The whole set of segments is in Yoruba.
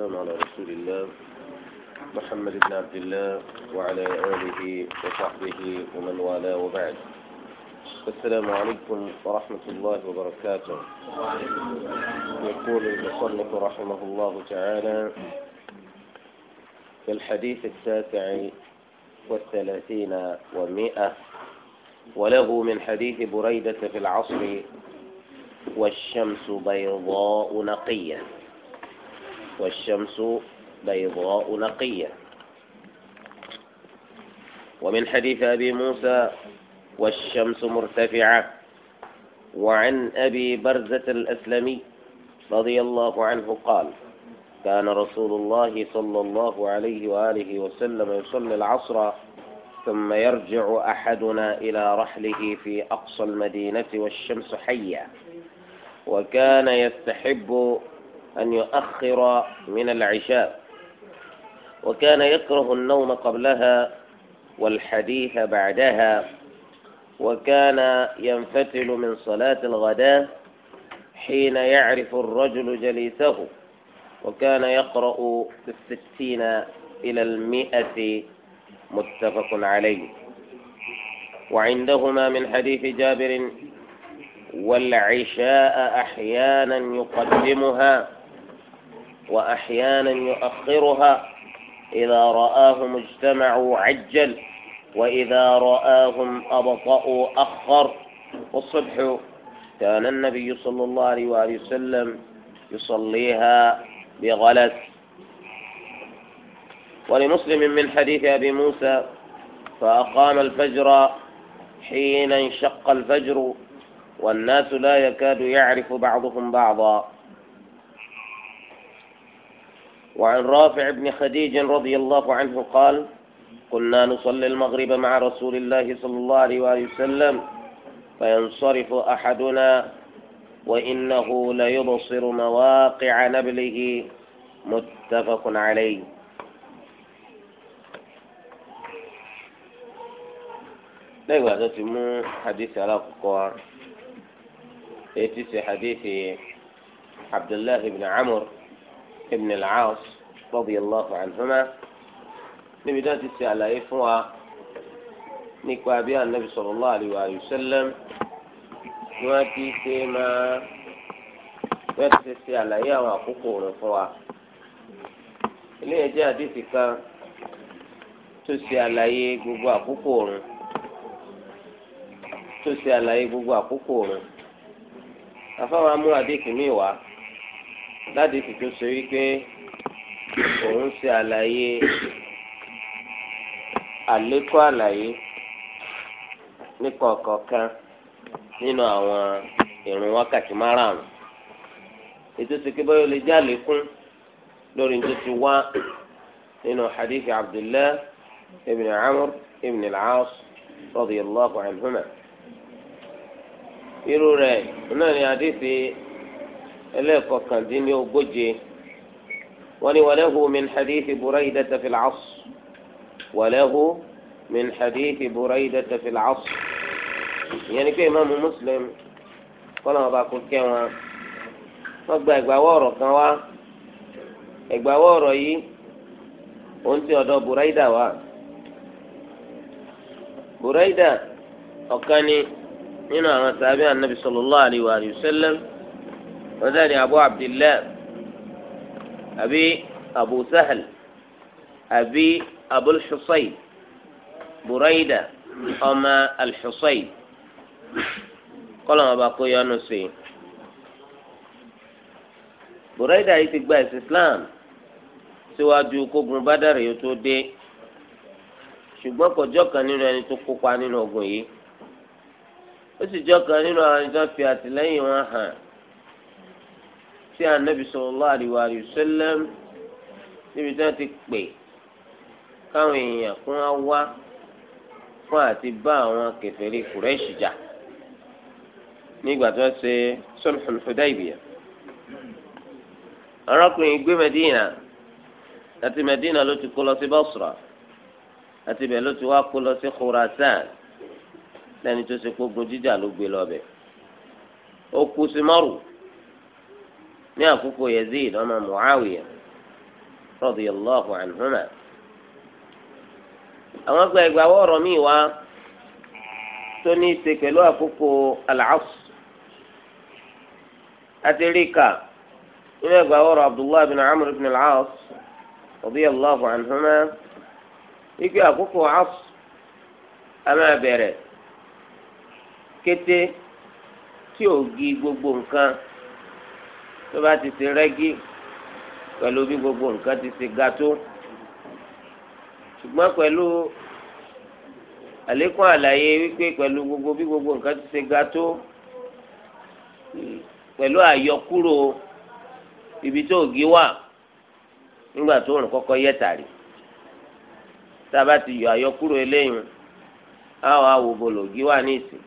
والسلام على رسول الله محمد بن عبد الله وعلى آله وصحبه ومن والاه وبعد السلام عليكم ورحمة الله وبركاته يقول المصنف رحمه الله تعالى في الحديث التاسع والثلاثين ومائة وله من حديث بريدة في العصر والشمس بيضاء نقية والشمس بيضاء نقية ومن حديث أبي موسى والشمس مرتفعة وعن أبي برزة الأسلمي رضي الله عنه قال كان رسول الله صلى الله عليه وآله وسلم يصلي العصر ثم يرجع أحدنا إلى رحله في أقصى المدينة والشمس حية وكان يستحب أن يؤخر من العشاء وكان يكره النوم قبلها والحديث بعدها وكان ينفتل من صلاة الغداء حين يعرف الرجل جليسه وكان يقرأ في الستين إلى المئة متفق عليه وعندهما من حديث جابر والعشاء أحيانا يقدمها وأحيانا يؤخرها إذا رآهم اجتمعوا عجل وإذا رآهم أبطأوا أخر والصبح كان النبي صلى الله عليه وآله وسلم يصليها بغلس ولمسلم من حديث أبي موسى فأقام الفجر حين انشق الفجر والناس لا يكاد يعرف بعضهم بعضا وعن رافع بن خديج رضي الله عنه قال كنا نصلي المغرب مع رسول الله صلى الله عليه وآله وسلم فينصرف أحدنا وإنه ليبصر مواقع نبله متفق عليه lẹ́gbàá tó حديث على إيه hadithi حديث عبد الله بن عمرو ibn al-Aas radiyallahu anhuma níbi tó ti ṣe àlàyé fún wa nípa bí anabi sallallahu alayhi wa sallam ni wọ́n ti ṣe máa wọ́n ti ṣe àlàyé àwọn àkókò rẹ̀ fún wa eléyìí jẹ́ àdìsí kan tó ṣe àlàyé gbogbo àkókò òrùn tó ṣe àlàyé gbogbo àkókò òrùn àfáwọn amú àdìsí mi wá ládìsí tó ṣe wípé òun ṣe àlàyé àlékún àlàyé nípa ọ̀kọ̀ọ̀kan nínú àwọn ìrun wákàtí márààrún ètò ìsìnkú báyọ̀ lè jẹ́ àlékún lórí tó ti wá nínú hadithi abdullah ibn amr ibn al-aas radiyallahu anhuma irú rẹ̀ náà ni hadithi ẹlẹ́ẹ̀kọkàndínní ogóje wọ́n ní wàlẹ́hu min hadithi burayda tafil cas wàlẹ́hu min hadithi burayda tafil cas ìyẹn ni pé imaamu muslim kọ́nà ọba kò kẹ́ wọn wọ́n gba ẹ̀gbáwọ́ ọ̀rọ̀ kan wá ẹ̀gbáwọ́ ọ̀rọ̀ yìí ó ń ti ọ̀dọ̀ burayda wá burayda ọ̀kan ni nínú àwọn sàbẹ̀ anabi sallallahu alayhi wa sallam ọ̀sẹ̀ ni abu abdillah àbí abu sahal àbí abul husayn buraida ọmọ alhusayn kọ́lọ́mọba kó yọnu sí i buraida yìí ti gba ẹ̀sìn islam síwájú kógun bádàrí yóò tó dé ṣùgbọ́n kò jọ́kan nínú ẹni tó kópa nínú ogun yìí ó sì jọ́kan nínú àwọn ẹni tó fi àtìlẹ́yìn wọn hàn sí anabi sallallahu alaihi wa sallam níbi tí wọ́n ti pè káwọn èèyàn kún á wá fún àti bá àwọn kèfèrí kùrẹ́ṣì jà nígbà tó ṣe sulhul Hudaybiyah arákùnrin gbé Medina àti Medina ló ti kó lọ sí Basra àti ibẹ̀ ló ti wá kó lọ sí Khurasan lẹ́ni tó ṣe kó gun jíjà ló gbé lọ bẹ̀ ó kú sí mọ́rù. ní àkókò Yazid ọmọ Muawiya radiyallahu anhuma àwọn gba ìgbàwọ ọ̀rọ̀ mi wá tó ní ṣe pẹ̀lú àkókò al-Asr àti ríkà nínú ìgbàwọ Abdullahi bin Amr bin al-As radiyallahu anhuma wípé àkókò kété tí ò gbogbo nǹkan. tó bá ti ṣe rẹ́gí pẹ̀lú bí gbogbo nǹkan ti ṣe ga tó ṣùgbọ́n pẹ̀lú àlékún àlàyé wípé pẹ̀lú gbogbo bí gbogbo nǹkan ti ṣe ga tó pẹ̀lú àyọkúrò ibi tó ògì wà nígbà tó rùn kọ́kọ́ yẹ tàrí tá a bá ti yọ àyọkúrò eléyìí á wà wòbò lògì wà ní ìsìn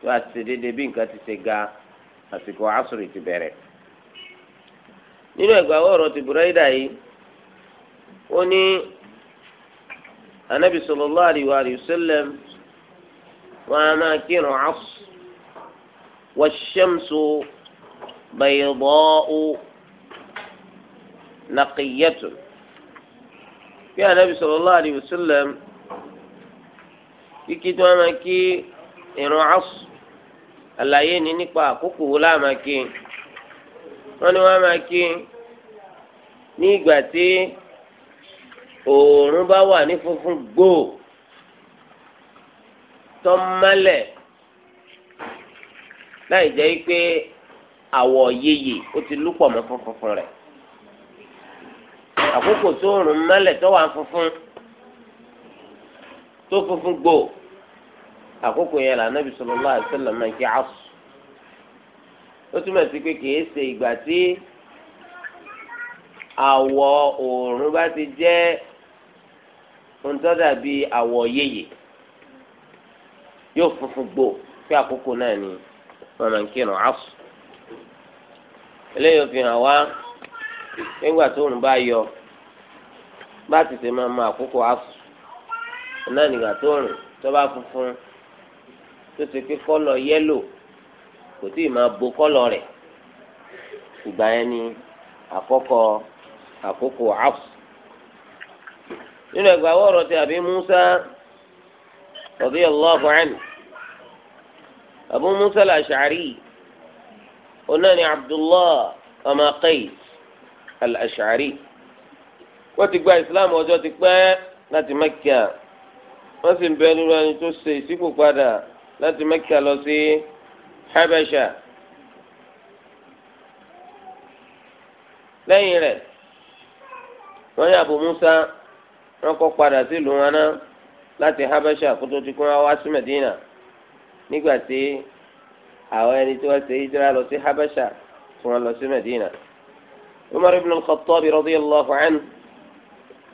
tó a ti ṣe déédéé bí nǹkan ti ṣe ga àsìkò àsùrì ti bẹ̀rẹ̀ nínú ẹgbà ọ̀rọ̀ ti Buraida yìí ó ní anabi sallallahu alaihi wa sallam wọn a máa kírun asr wash-shamsu bayda'u naqiyyatun kí anabi sallallahu alaihi kíkí tí wọn máa kí irun asr àlàyé ni nípa àkókò wo láàmà wọ́n ní wọ́n máa kí ní ìgbà tí oòrùn bá wà ní funfun gbòò tó mọ́lẹ̀ láì jẹ́ pé àwọ̀ yeye ó ti lúpọ̀ mọ́ funfun rẹ̀ àkókò tó oòrùn mọ́lẹ̀ tó wà funfun tó funfun gbòò àkókò yẹn là Ànábì sallallahu alaihi wasallam kí asr ó túmọ̀ sí pé kìí ṣe ìgbà tí àwọ̀ oòrùn bá ti jẹ́ ohun tó dàbí àwọ̀ yéyè yóò funfun gbò fí àkókò náà ni wọn máa ń kírun áfù eléyìí fi hàn nígbà tó òrùn bá yọ bá ti ṣe máa ma àkókò áfù náà nígbà tó òrùn tó bá funfun tó ti pé kọ́lọ̀ yẹ́lò kò tí ì máa bo kọ́lọ̀ rẹ̀ ìgbà yẹn ni àkọ́kọ́ àkókò áfù nínú ẹgbàá wọ̀rọ̀ ti àbí Musa radiyallahu anhu Abu Musa al-Ash'ari onáni Abdullah ọmọ Qais al-Ash'ari wọ́n ti gba ìsìláàmù ọjọ́ ti pẹ́ láti Mẹ́kà wọ́n sì ń bẹ nínú ẹni tó ṣe ìṣípò padà láti Mẹ́kà lọ sí. Habasha lẹ́yìn rẹ̀ wọ́n yà Abu Musa wọ́n kọ́ padà sílùú wọn náà láti Habasha kótó ti kún wá sí Medina nígbà tí àwọn ẹni tí wọ́n ṣe hijira lọ sí Habasha tí wọ́n lọ sí Medina Umar ibn al-Khattab radiyallahu anhu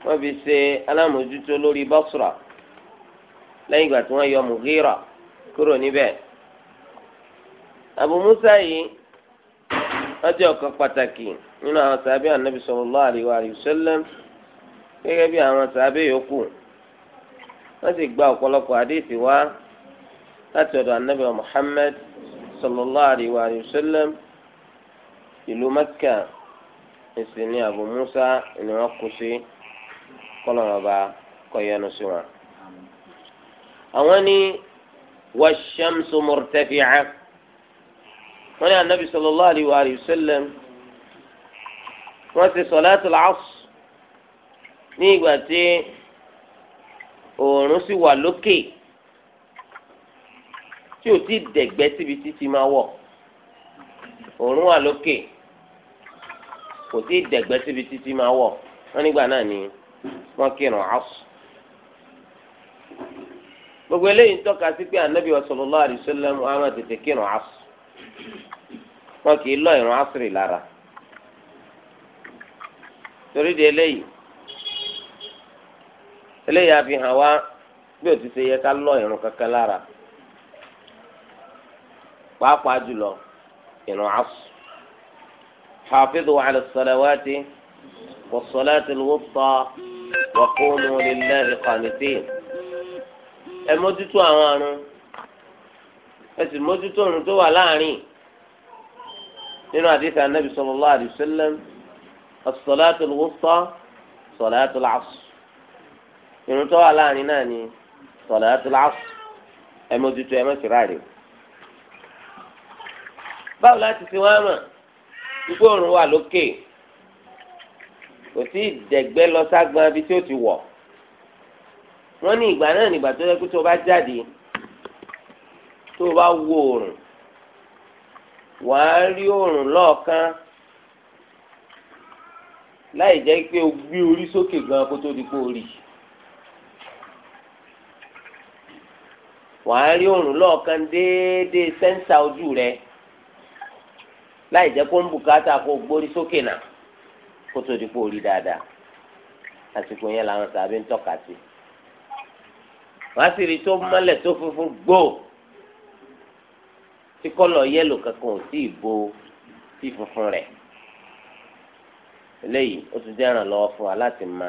wọ́n fi ṣe alámòjútó lórí Basra lẹ́yìn ìgbà tí wọ́n yọ Mughira kúrò níbẹ̀. Abu Musa yìí wọ́n jẹ́ ọ̀kan pàtàkì nínú àwọn sàbẹ̀ ànábì sallallahu alaihi wa sallam gẹ́gẹ́ bí àwọn sàbẹ̀ yòókù wọ́n sì gba ọ̀pọ̀lọpọ̀ àdéhìsì wá láti ọ̀dọ̀ ànábì Muhammad sallallahu alaihi wa sallam ìlú Mẹ́kà ìsìn ní Abu ni wọ́n kú sí kọ́lọ́mọba kọ́yẹ́nu sí wọn. àwọn ní wàṣẹ́mùsùn mọ̀rẹ́tẹ́fìá wọ́n ní anabi sallallahu alayhi wa alihi wa sallam wọ́n ti sọ̀láàtì làásù ní ìgbà tí oòrùn sì wà lókè tí ò tí ì dẹ̀gbẹ́ síbi títí máa wọ̀ oòrùn wà lókè kò tí ì dẹ̀gbẹ́ síbi títí máa wọ̀ wọ́n nígbà náà ni wọ́n kírun àásù gbogbo eléyìí ń tọ́ka sí pé anabi wa sallallahu alayhi wọ́n á máa tètè kírun àásù. wọn kì í lọ asiri lára torí di eléyìí eléyìí àfihàn wa bí o ti ṣe yẹ ká lọ ìrun kankan lára pàápàá jùlọ ìrun asiri hafidu ala salawati wa salati alwusta wa qumu lillahi ẹ mójútó àwọn àrùn. ẹsì mójútó òrùn tó wà láàrin nínú àdìsí anabi sallallahu alayhi wa sallam as-salatu al-wusta salatu al-asr irun tó wà láàrin náà ni salatu al-asr ẹ mójútó ẹ mọ̀síra rè báwo láti fi wá mọ̀ gbogbo òrùn wà lókè kò sí ìdẹ̀gbẹ́ lọ ságbọn ibi tí ó ti wọ̀ wọ́n ní ìgbà náà nígbà tó yẹ kó tó bá jáde tó o bá wo oòrùn wàá rí oòrùn lọ́ọ̀kan láì jẹ́ pé o gbé orí sókè gan kó tó di pé o rí wàá rí oòrùn lọ́ọ̀kan déédéé sẹ́ńsà ojú rẹ láì jẹ́ o ń bùkátà kó o gbórí sókè náà kó tó di pé o rí dáadáa àsìkò yẹn làwọn sàbí ń tọ́ka sí wàá sì rí tó mọ́lẹ̀ tó funfun gbòò tí kọ́lọ̀ yẹ́lò kankan ò tí ì bo tí funfun rẹ̀ eléyìí ó tún jẹ́ ìrànlọ́wọ́ fún wa láti mọ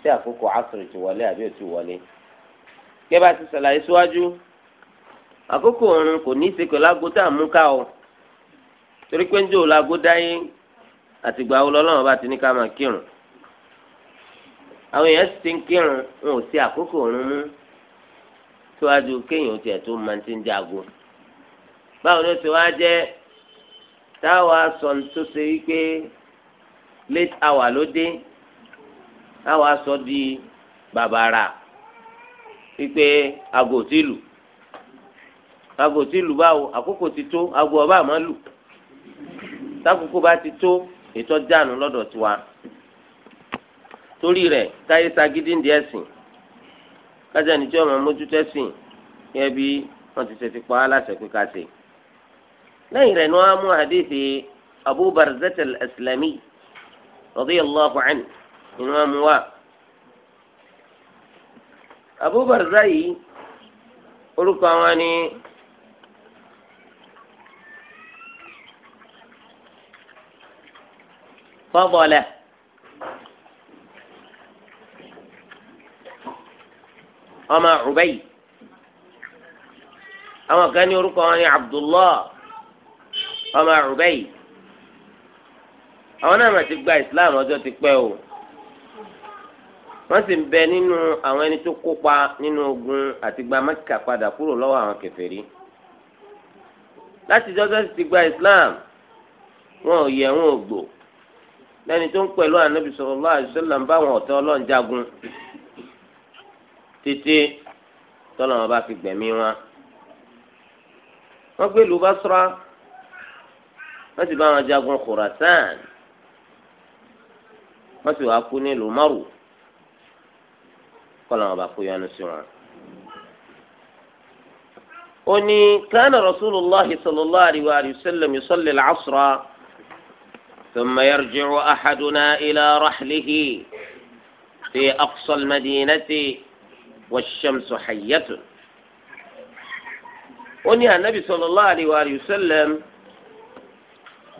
ṣé àkókò asùrù ti wọlé àbí ò ti wọlé gẹ́gẹ́ bá ti ṣàlàyé síwájú àkókò oorun kò ní í ṣe pẹ̀lú aago tá à ń mú ká o torí pé ń jò láago dáyé àtìgbà wo lọ́lọ́run bá ti ní ká máa kírun àwọn èèyàn ti ń kírun wọn ò sí àkókò oorun mú síwájú kéèyàn tiẹ̀ tó máa ti ń jago báwo ló ti wá jẹ́ táwa sọ tó ṣe wípé late hour ló dé táwa sọ di bàbàrà wípé aago ti lù aago ti lù báwo àkókò ti tó aago ọba àmọ́ lù tákòókò bá ti tó ètò jáàánú lọ́dọ̀ tiwa torí rẹ̀ táyé sagídí ndí ẹ̀sìn kájà níjọ́ ọmọ mójútó ẹ̀sìn yẹ bí wọ́n ti ṣe ti pa á láṣẹ pé ká ṣe. نهر نوام حديث أبو برزة الأسلامي رضي الله عنه نوام و أبو برزة أركواني فضلة أما عبيد أما كان يركواني عبد الله ọmọ Ubayy àwọn náà ti gba Islam ọjọ́ ti pẹ́ o wọ́n sì ń bẹ nínú àwọn ẹni tó kópa nínú ogun àti gba Mẹ́kà padà kúrò lọ́wọ́ àwọn kèfèrí láti jọ́jọ́ sì ti gba Islam wọn ò yẹ wọn ò gbò lẹ́ni tó ń pẹ̀lú Ànábì sallallahu alaihi wasallam ń bá àwọn ọ̀tá Ọlọ́run jagun títí tọ́lọ́run bá fi gbẹ̀mí wọn wọ́n gbé ìlú wọ́n sì bá wọn jagun Khurasan wọ́n sì wá kú nílùú Maru kọ́lá wọn bá kú yánu sí wọn. ó ní kánà Rasulullahi sallallahu alayhi wa sallam yusalli al-asra ثم يرجع أحدنا إلى رحله في أقصى المدينة والشمس حية. ó ní Ànábì sallallahu alayhi wa sallam.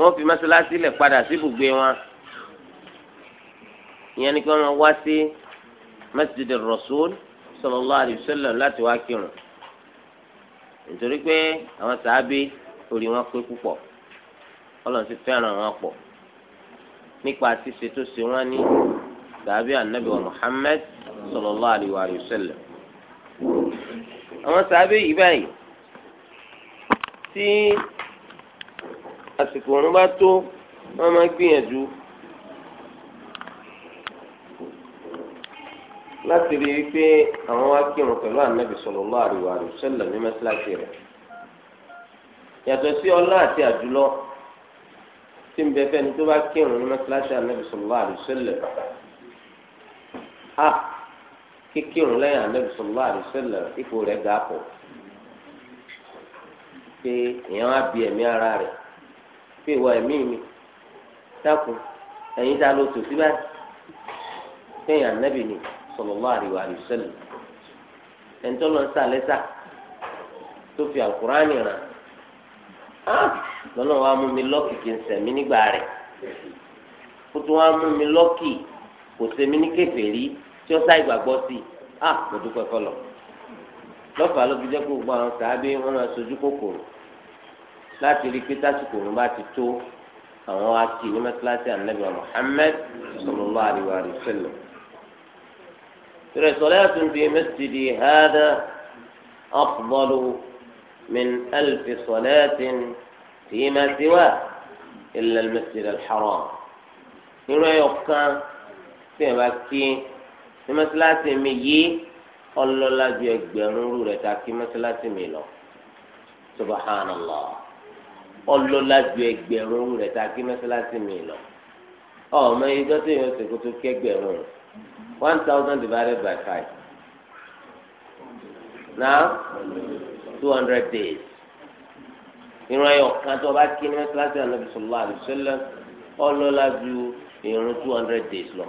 wọ́n fi mọ́sálásí lẹ̀ padà sí ibùgbé wọn ìyẹn ni kí wọ́n wá sí masjid rasul sallallahu alayhi wa sallam láti wá kírun nítorí pé àwọn sàábé orí wọn pé púpọ̀ Ọlọ́run ti fẹ́ràn wọn pọ̀ nípa ṣíṣe tó ṣe wọn ní sàábé anabi wa muhammed sallallahu alayhi wa sallam àwọn sàábé yìí báyìí tí àsìkò òun bá tó wọ́n máa gbìyànjú láti rí i pé àwọn wá kírun pẹ̀lú ànábì sallallahu alaihi wa sallam ní mẹ́sàlásì rẹ̀ yàtọ̀ sí ọlá àti àjùlọ tí ń bẹ fẹ́ni tó bá kírun ní mẹ́sàlásì ànábì sallallahu alaihi wa sallam a ah, kíkírun lẹ́yìn ànábì sallallahu alaihi wa sallam ipò rẹ̀ ga pọ̀ pé èèyàn á bi ẹ̀mí ara rẹ̀ pé emi ẹ̀mí mi dákun ẹ̀yin dá lóṣù síbẹ̀ ni wa sallam ẹ̀ńtọ́ lọ ń tó fi àkùránì ràn lọ́nà wa mú mi lọ́kì kì í sẹ̀mí nígbà rẹ̀ kó tó wa mú mi lọ́kì kò sẹ́mi ní kèfèrí tí ó sáì gbàgbọ́ sí i kò dúpẹ́ fọlọ́ lọ́fà ló fi jẹ́ kó gbọ́ àwọn láti rí pé tásìkò òun bá ti tó àwọn wa kì í ní mẹ́tíláṣí ànábì Muhammad sallallahu alaihi wa sallam. tẹ̀rẹ̀ salatun fi masjidi hadha afdalu min alfi salatin fima siwa illa al-masjid al-haram. nínú ẹ̀yọ̀ kan tí ẹ̀ bá kí ní mẹ́tíláṣí mi yí ọlọ́lá ju ẹgbẹ̀rún rú ta kí mẹ́tíláṣí mi lọ subhanallah ọlọ́lá ju ẹgbẹ̀rún rẹ̀ tá a kí mẹ́sálásí mi lọ ọmọ ìjọ tó yẹ ọsẹ kó tó kí ẹgbẹ̀rún one thousand divided by five now two hundred days ìrun ẹyọ kan tó bá kí ní mẹ́sálásí ànábì sọlá àdìsẹ́lẹ̀ ọlọ́lá ju ìrun two hundred days lọ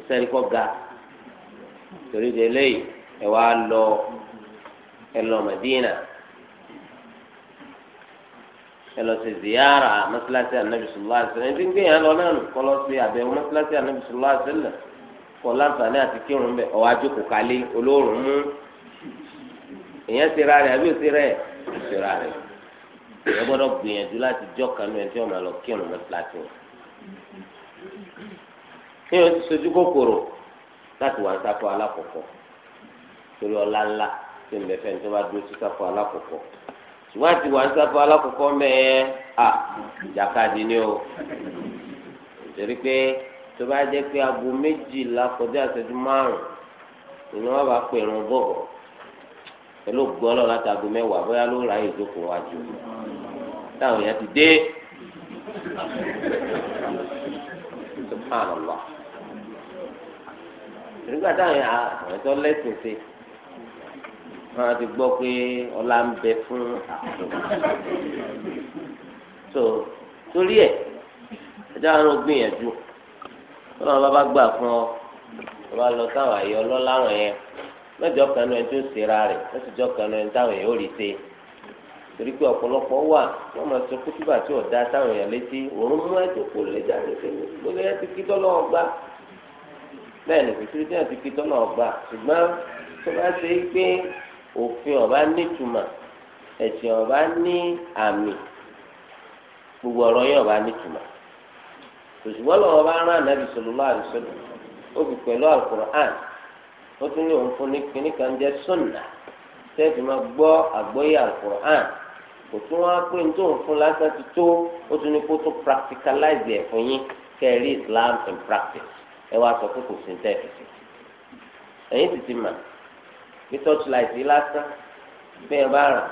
ìsẹ́ni kọ́ ga torí de ẹ̀ wá lọ ẹ̀ lọ Mẹ́dínà ẹlọsẹ ziyara mọ́sálásí anabi sallallahu alaihi wasallam ẹni tí ń gbìyànjú lọ náà kọlọ sí àbẹ̀wò mọ́sálásí anabi sallallahu alaihi wasallam kọ láǹfààní àti kírun bẹ ọwọ àjòkò kálí olóòrùn mú èèyàn sera rẹ àbí òsera ẹ òsera rẹ èèyàn gbọ́dọ̀ gbìyànjú láti jọ kanú ẹni tí wọn máa lọ kírun mọ́sálásí wọn. kéèyàn ti sojú kòkòrò láti wà sáfọ alákọ̀ọ́kọ́ torí ọlá ńlá tí ń bẹ fẹ́ ní tó bá dúró sí sáfọ alákọ̀ọ́kọ́ ṣùgbọ́n àti wà ń sáfọ́ alákọ̀ọ́kọ́ mẹ́ẹ̀ẹ́ a ìjàkadì ni o torí pé tó bá jẹ́ pé aago méjìlá kọjá ìṣẹ́jú márùn-ún ni wọ́n bá pè rún bọ̀ pẹ̀lú gbọ́lọ̀ láti aago mẹ́wàá bóyá ló ra ìjókòó wájú táwọn èèyàn ti dé subhanallah nígbà táwọn èèyàn àwọn ẹ̀tọ́ lẹ́sìn ṣe wọn ti gbọ́ pé ọlá ń bẹ fún àpò so torí ẹ ẹjọ́ àwọn gbìyànjú wọn àwọn bàbá gbà fún ọ wọn bá lọ sáwọn àyè ọlọ́lá wọn yẹn mẹ́jọ kan náà ẹni tó ṣera rẹ̀ mẹsìjọ kan náà ẹni táwọn èèyàn ò rí ṣe torí pé ọ̀pọ̀lọpọ̀ wà wọ́n máa sọ kútùbà tí ò dá sáwọn èèyàn létí òun mú ẹ̀jọ̀ kó lè jáde fẹ́mi gbogbo ẹ̀ ti kí tọ́lọ́ ọgbà bẹ́ẹ̀ ni kìtìrìtì náà ti kí tọ́lọ́ ọgbà ṣùgbọ́n tó bá ṣe é pé òfin ọba nítumọ̀ ẹ̀sìn ọba ní àmì gbogbo ọrọ yẹn ọba nítumọ̀ òṣùwọ́n lọ́wọ́ bá rán ànábì sallallahu alaihi ó fi pẹ̀lú alukur'an ó tún ní òun fún ní kíní kan jẹ́ sunna tẹ́ẹ̀fì máa gbọ́ àgbọ́yé alukur'an kò tún wá pé fún lásán ti tó ó tún ní kó tún practicalize ẹ̀ fún yín ní torchlight yìí lásán bẹ́ẹ̀ bá rà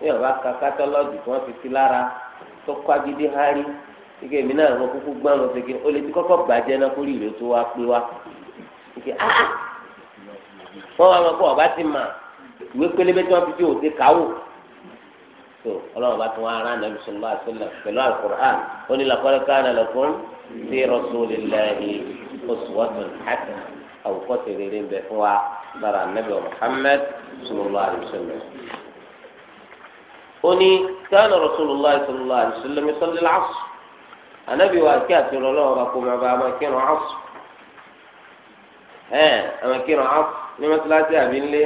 bẹ́ẹ̀ bá ka kátọ́lọ́ọ̀dù tí wọ́n fi sí lára tó kọ́ agídí hárí ike mi náà wọ́n kúkú gbọ́n lọ sí kí o lè ti kọ́kọ́ bàjẹ́ náà kórìí rẹ̀ tó wá pé wá ike ah, ah. wọ́n wá wọn kó ọba ti mà ìwé pélébé tí wọ́n fi dí òde káwò so ọlọ́run bá tún wá ara nàbí sọlá àṣẹlẹ pẹ̀lú alukur'an ó ní laqad kana lakum fi rasulillahi uswatun hasanah àwòkọ́ṣe rere ń bẹ fún wa lára nàbí muhammed sọlá àṣẹlẹ. ó ní kana rasulillah sọlá àṣẹlẹ mi sọlá làásù ànábì wa kí àti ọlọ́run bá kó ma bá ma kírun àásù ẹ̀ àwọn kírun àásù ní mọ́tíláṣí àbí ńlé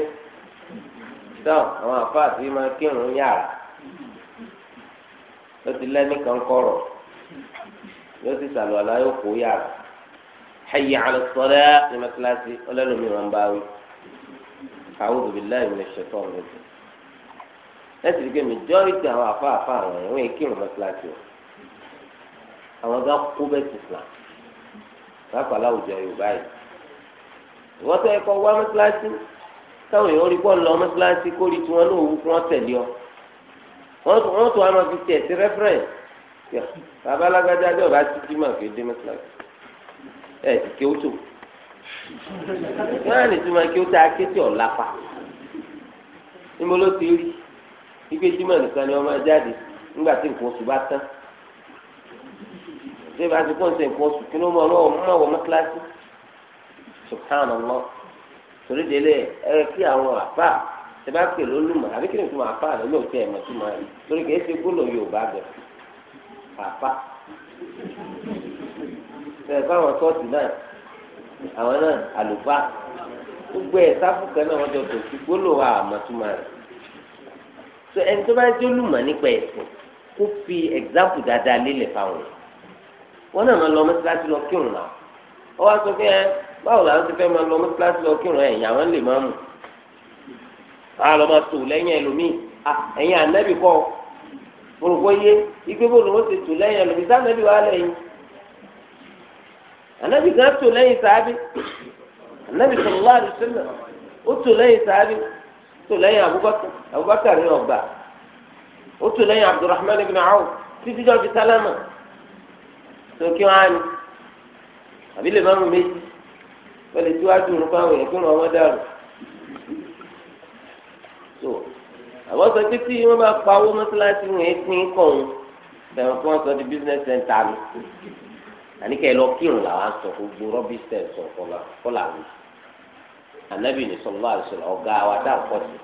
tó àwọn àfáà sí ma kírun yàrá yóò ti lẹ́ni kan kọ̀rọ̀ yóò ti sàlù àlá yóò kó yàrá hayya ala salat ní mẹ́tíláṣí ọlẹ́lómi máa ń bá wí a'udhu billahi minash shaitani rajim lẹ́sì rí i pé majority àwọn afáàfá àwọn ẹ̀wọ̀n yìí kírun mẹ́tíláṣí o àwọn gá kó bẹ́ẹ̀ ti sàn lápá láwùjọ yorùbá yìí ìwọ́n tó yẹ wá mẹ́tíláṣí táwọn èèyàn rí bọ́ọ̀lù lọ wọ́n tún wọ́n tún wọn máa fi tiẹ̀ sí rẹ́fúrẹ́ǹsì yọ bàbá alágbájá bí ọba ti jí máa fi dé mẹ́tìláṣí ẹ̀ ti kí ó tó náà nìtú máa kí ó tá a ké tí ọ̀la pa níbo ló ti rí igbe jímọ̀ nìkan ni wọ́n máa jáde nígbà tí nǹkan oṣù bá tán ṣé bá ti kó ṣe nǹkan oṣù kí ló mọ ọlọ́wọ́ mọ́ àwọn mẹ́tìláṣí subhanallah torí délé ẹ kí àwọn àbá ẹ bá pè lólùmọ̀ àbí kí ni tó máa fa àlọ́ yóò tẹ ẹ̀mọ́ tó máa rí lórí kìí ṣe gbólóhùn Yorùbá bẹ̀ àfa ẹ báwọn sọ́ọ̀tì náà àwọn náà àlùfáà gbogbo ẹ̀ sáfùkẹ́ náà wọ́n jọ tó ti gbólóhùn àmọ́ tó máa rí so ẹni tó bá jẹ́ olùmọ̀ nípa ẹ̀sìn kó fi ẹ̀gzámpù dáadáa lélẹ̀ fáwọn ẹ̀ wọ́n náà máa lọ mọ́sálásí lọ kírun náà ọ wá sọ fún ẹ báwo làwọn ti àlọ́ máa tò lẹ́yìn ẹlòmíì ẹ̀yìn ànábì kọ́ orúkọ yé igbe bó lòún ti tò lẹ́yìn ẹlòmíì sá ànábì wà lẹ́yìn ànábì gan tò lẹ́yìn sàábì ànábì sallallahu alaihi wasallam ó tò lẹ́yìn sàábì tò lẹ́yìn Abubakar Abubakar ní ọgbà ó tò lẹ́yìn Abdurrahman ibn Awf títí jọ́ fi sálámà tó kí wọ́n á ní àbí lè má mú méjì wọ́n lè tí wàá dùn nípa àwọn èèyàn kí wọ́n ọmọ dàrú àwọn sọ pé tí wọ́n bá pa owó mọ́sálásí wọn pín kọ̀ọ̀n bẹ̀rẹ̀ kí wọ́n sọ di business center mi àníkẹ́ lọ kírun làwọn sọ gbogbo rọ́bì stẹ̀ sọ kọ́là mi anabi ní sọlá àdìsọlá ọ̀gá wa dá ọ̀pọ̀ sí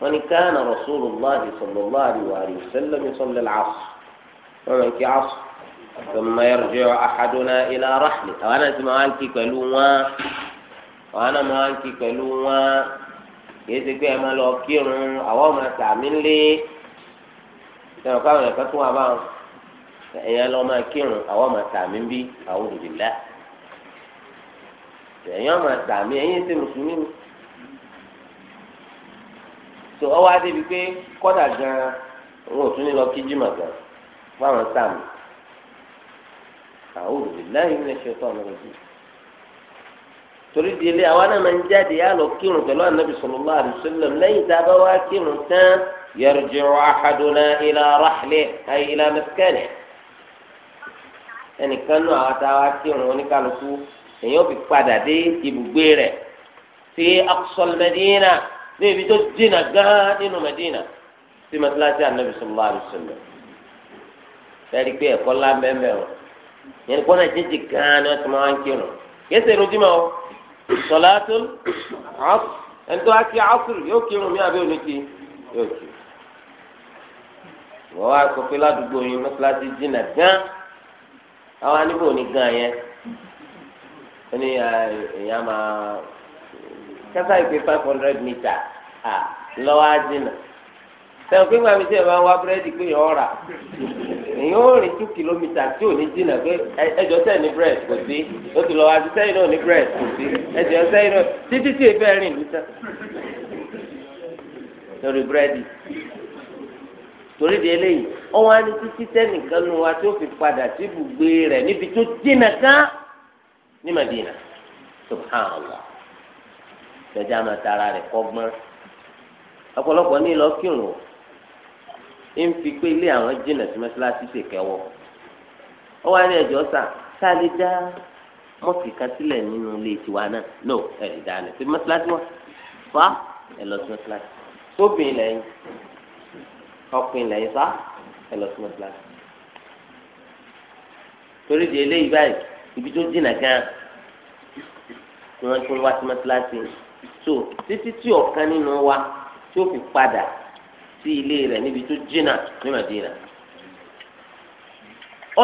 wọn ni káàna rasúlù láàdì sọlọ́lá àdìwà àdìwà sẹlẹ̀mí sọlẹ̀ làásù wọn lọ kí àásù ثم يرجع أحدنا إلى رحله وأنا سمعانك كلوا وأنا معانك كلوا kìí ṣe pé ẹ máa lọ kírun àwọn ọmọ sàmì ńlé ẹnì káwọn ẹ̀ka tún wà báwọn ẹ̀yàn lọ máa kírun àwọn ọmọ sàmì ń bí àwọn òdòdìlá ẹ̀yàn ọmọ sàmì ẹ̀yìn ṣe mùsùlùmí ni tó ọwọ́ adé bíi pé kọ́dà gan wọn ò tún ní lọ kí jimá gan-an fáwọn sàmì àwọn òdòdìlá yìí ń ṣe tọ́ ọ̀nà òdòdìlá torí di ilé àwa náà máa ń jáde yá lọ kírun pẹ̀lú anabi sallallahu alaihi wasallam lẹ́yìn tá a bá wá kírun tán yarji'u ahaduna ila rahlihi ay ila maskanihi ẹnìkan náà àwa tá a wá kírun oníkàlùkù èèyàn fi padà dé ibùgbé rẹ̀ sí aqsal Madina ní ibi tó dínà gán nínú Madina sí masalasi anabi sallallahu alaihi fẹ́ẹ́rì pé ẹ̀kọ́ lábẹ́mẹ́ o yẹn kọ́nà jíjì gan ni wọ́n ti máa ń kírun sọláàtò ẹnitọ́ àti asùrù yóò kírun mi àbí oníkì yóò kí wọ́n wá sọ pé ládùúgbò yín mọ́sálásí jìnnà gán àwọn aníbò ní gán yẹn wọ́n ní ah, èèyàn máa kásá ìpè five hundred meter lọ́wọ́ á jìnnà. sẹ́wọ̀n pé màmí sẹ́wọ̀n máa ń wá búrẹ́dì pé yàn ọ̀rà ó rìn tí ò ní jìnnà pé ẹjọ́ sẹ́yìn ní kò sí ó ti lọ àti sẹ́yìn náà ní búrẹ́dì kò sí sẹ́yìn náà títí tí rìn ló lórí búrẹ́dì torí di eléyìí ó wá ní títí tẹ́nìkan nu wa tó fi padà sí ibùgbé ń fi pé ilé àwọn jìnnà sí mọ́ṣáláṣí ṣèkẹ́wọ́ ó wá ní ẹ̀jọ́ sà tá a lè dá mọ́ọ̀kì kan sílẹ̀ nínú ilé tiwa náà no ẹ̀ dáná sí mọ́ṣáláṣí wọn fa ẹ̀ lọ sí mọ́ṣáláṣí sóbìn lẹ́yìn ọkùnrin lẹ́yìn fa ẹ̀ lọ sí mọ́ṣáláṣí torí di eléyìí báyìí ibi tó jìnnà gan ni wọ́n tún wá sí mọ́ṣáláṣí so títí tí ọ̀kan nínú wa tí ó fi padà sí ilé rẹ̀ níbi tó jìnnà ní Madina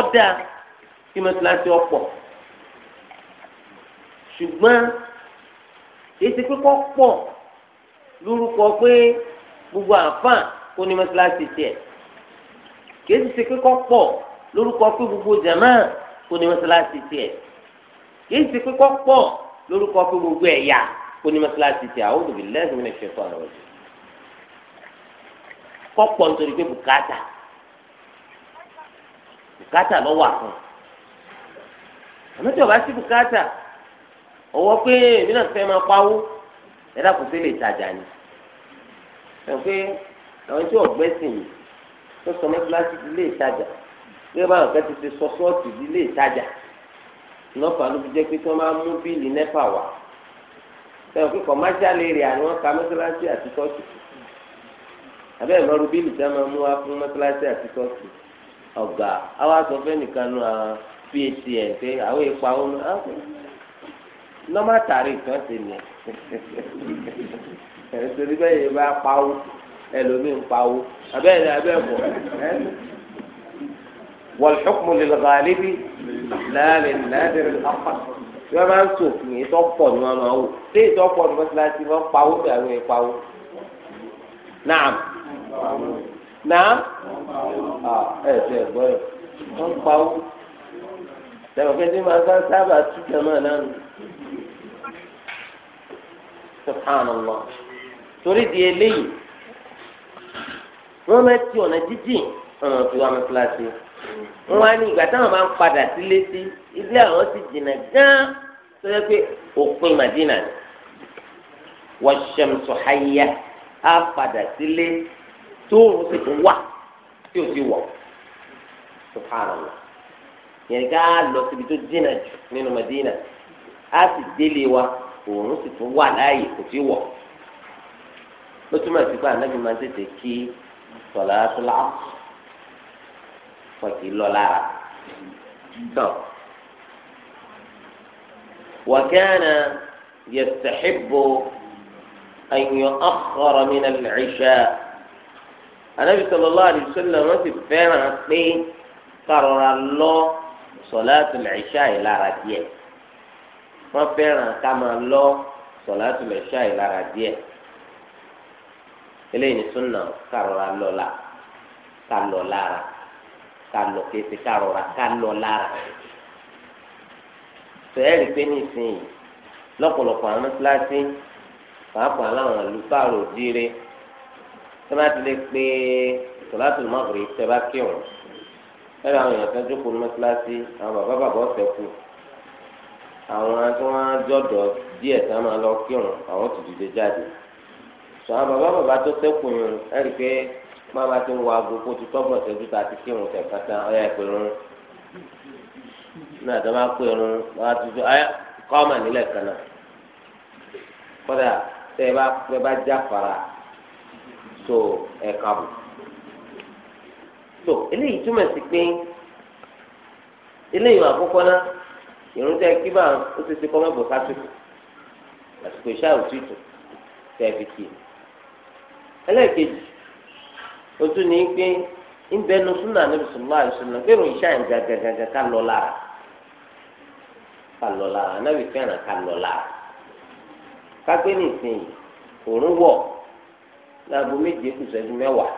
ọ̀dà kí mọ́tíláṣí ọ̀pọ̀ ṣùgbọ́n èsì pípọ̀ pọ̀ lórúkọ pé gbogbo àǹfààní kó ní mọ́tíláṣí tiẹ̀ kì í sì ṣe pípọ̀ pọ̀ lórúkọ pé gbogbo jàmá kó ní mọ́tíláṣí tiẹ̀ kì í sì pípọ̀ pọ̀ lórúkọ pé gbogbo ẹ̀yà kó ní mọ́tíláṣí tiẹ̀ a'udhu billahi minash shaitani rajim kọ́pọ̀ nítorí pé bùkátà Bukata ló wà fún àmọ́ tí o bá sí bùkátà ọwọ́ pé èmi náà fẹ́ máa pawó ẹ dàpọ̀ sí lè tajà ni ẹ pé àwọn tí ọ̀gbẹ́ sì ń tó sọ mẹ́tíláṣí ti lè tajà pé báwọn kan ti ṣe sọ sọ́ọ̀tì ti lè tajà lọ́fà ló fi jẹ́ pé tí wọ́n máa mú bíìlì nẹ́pà wá ẹ pé kọ̀máṣíálì rẹ̀ àwọn ka mẹ́tíláṣí àti sọ́ọ̀tì fún abẹ́rẹ́ lọ́rù bíìlì tí a máa mú wa fún mọ́tíláṣí àti sọ́ọ̀sì ọ̀gá àwa sọ fẹ́ nìkan nu àwọn phd ẹ̀ pé àwọn ipa ó náà nọ́mà tàrí kan ti nì ẹ̀ torí bẹ́ẹ̀ yẹn bá pawó ẹlòmíì ń pawó abẹ́rẹ́ abẹ́rẹ́ bọ̀ ẹ́ wal-hukmu lil-ghalibi la lin-nadir al-aqall bí wọ́n máa ń sòfin ìtọ́pọ̀ ni wọ́n máa wò ṣé ìtọ́pọ̀ ni mọ́tíláṣí wọ́n pawó bí àwọn ìpawó náà náà ah, ẹ ti ẹ gbọ́ ẹ wọ́n pa owó tẹ̀wọ̀n pé tí màá bá sábà tú jẹ̀mọ́ náà nù subhanallah torí di eléyìí wọ́n máa ti ọ̀nà jíjìn ọ̀nà tí wọ́n máa kíláàsì wọ́n á ní ìgbà táwọn máa ń padà sílé sí ilé àwọn ti jìnnà gán tó pé òpin màdínà ni wọ́n ṣẹ̀mùsọ̀ á padà sílé tóòrùn sì tún wà tí ò sí wọ̀ subhanallah yẹn ká lọ síbi tó dínà jù nínú Madina á sì délé wa òòrùn sì tún wà láàyè kò sí wọ̀ ló túmọ̀ wa òun pé ànábì máa ń tètè kí sọ̀lá tó láàpù wọn kì í lọ lára tán وكان يستحب أن يؤخر من العشاء anabi sallallahu alaihi wasallam wọn sì fẹ́ràn pé kárọra lọ sọláàtù lẹṣà yìí lára díẹ̀ wọn fẹ́ràn ká máa lọ sọláàtù lẹṣà yìí lára díẹ̀ eléyìí ni súnà kárọra lọla ká lọ lára ká lọ kéésì kárọra ká lọ lára sọyẹrì pé nísìnyí lọ́pọ̀lọpọ̀ àwọn mọsálásí pàápàá láwọn àlùfáà rò tẹ́lá ti lè pé sọláàtì mọ́kùnrin tẹ́lá kírun ẹ̀rọ àwọn èèyàn kan jókòó ní mọ́sálásí àwọn bàbá bàbá ọ̀sẹ̀ kù àwọn tí wọ́n jọ̀dọ̀ díẹ̀ tá a máa lọ kírun àwọn ti dìde jáde sọ àwọn bàbá bàbá tó sẹ́kù yìí ẹ̀rí pé má bá ti ń wọ aago kó ti tọ́gbọ̀n ṣẹ́jú tá a ti kírun tẹ̀ kátà ọ̀yà ìpẹ̀rún náà tó máa pẹ̀rún máa tuntun kọ́ ọ̀mà nílẹ̀ kan náà kódà tẹ́ ẹ bá so ẹ so eléyìí túmọ̀ sí pé eléyìí àkọ́kọ́ náà ìrún tẹ kí ó ti ṣe kọ́ mẹ́bọ̀ sásìkò àsìkò iṣẹ́ òtítù tẹ fi kì í ẹlẹ́ẹ̀kejì o tún ní pé ń nu súnà níbi sùnmọ́ àìsùnà fẹ́ràn iṣẹ́ àyìn gàgàgàgà ká lọ lára ká lọ lára anábì fẹ́ràn ká lọ lára nìsín òórùn wọ̀ láago méje kù ṣẹ́jú mẹ́wàá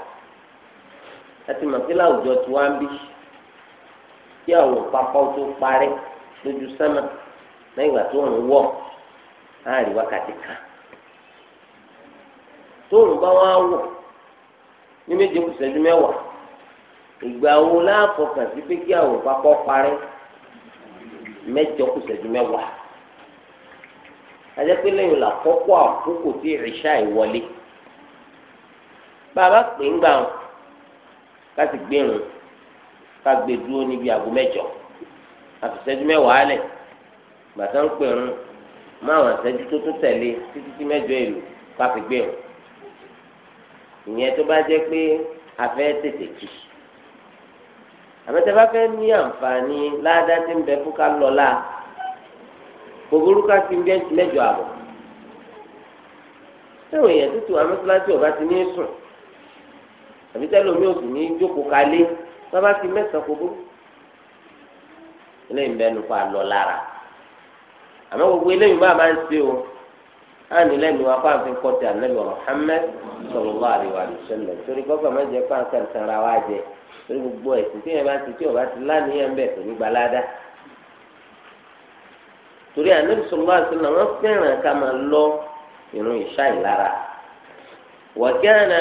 láti mọ̀ pé láwùjọ tí wọ́n á bí kí àwọn òpapọ̀ tó parí lójú sánmà lẹ́yìn ìgbà tó ń wọ̀ á wákàtí kan tóòrùn bá wọn á wọ̀ ní méje kù ṣẹ́jú mẹ́wàá ìgbà wo láàfọkàn sí pé kí àwọn òpapọ̀ parí mẹ́jọ kù ṣẹ́jú mẹ́wàá ajẹ́pẹ́ bàbá pè ń gbà wọn ká sì gbẹrun ká gbé dúró níbi àgọ mẹ́jọ àfìsẹ́jú mẹ́wàá lẹ̀ bàtà ń pèrún máwọn àṣẹjú tó tún tẹ̀lé títí tí mẹ́jọ èlò ká fi gbẹrun ìyẹn tó bá jẹ́ pé a fẹ́ tètè kì àmọ́tẹ́ bá fẹ́ ní àǹfààní ládàá tí ń bẹ fún ká lọ́la kòkòrò ká ti ń bẹ́ẹ̀ mẹ́jọ ṣé òun èèyàn tútù amẹ́síláṣí ọ̀gá ti ní sùn? àbí tẹ́lómi ò sì ní jókòó kalé bàbá fi mẹ́sàn-án kó bó eléyìí bẹ́ẹ̀ nípa lọ lára àmọ́ gbogbo eléyìí bá a máa ń ṣe o àní lẹ́nu wa fáwọn fi ń kọ́tà ànábì wa Muhammad sallallahu alaihi wa sallam torí kọ́kọ́ máa jẹ fáwọn kankan ra wa jẹ torí gbogbo ẹ̀sìn tí yẹn bá ti tí o bá ti láníyàn bẹ̀ tó ní gbalada torí ànábì sallallahu alaihi wọ́n fẹ́ràn ká máa lọ ìrun ìṣá ìlara wa kana.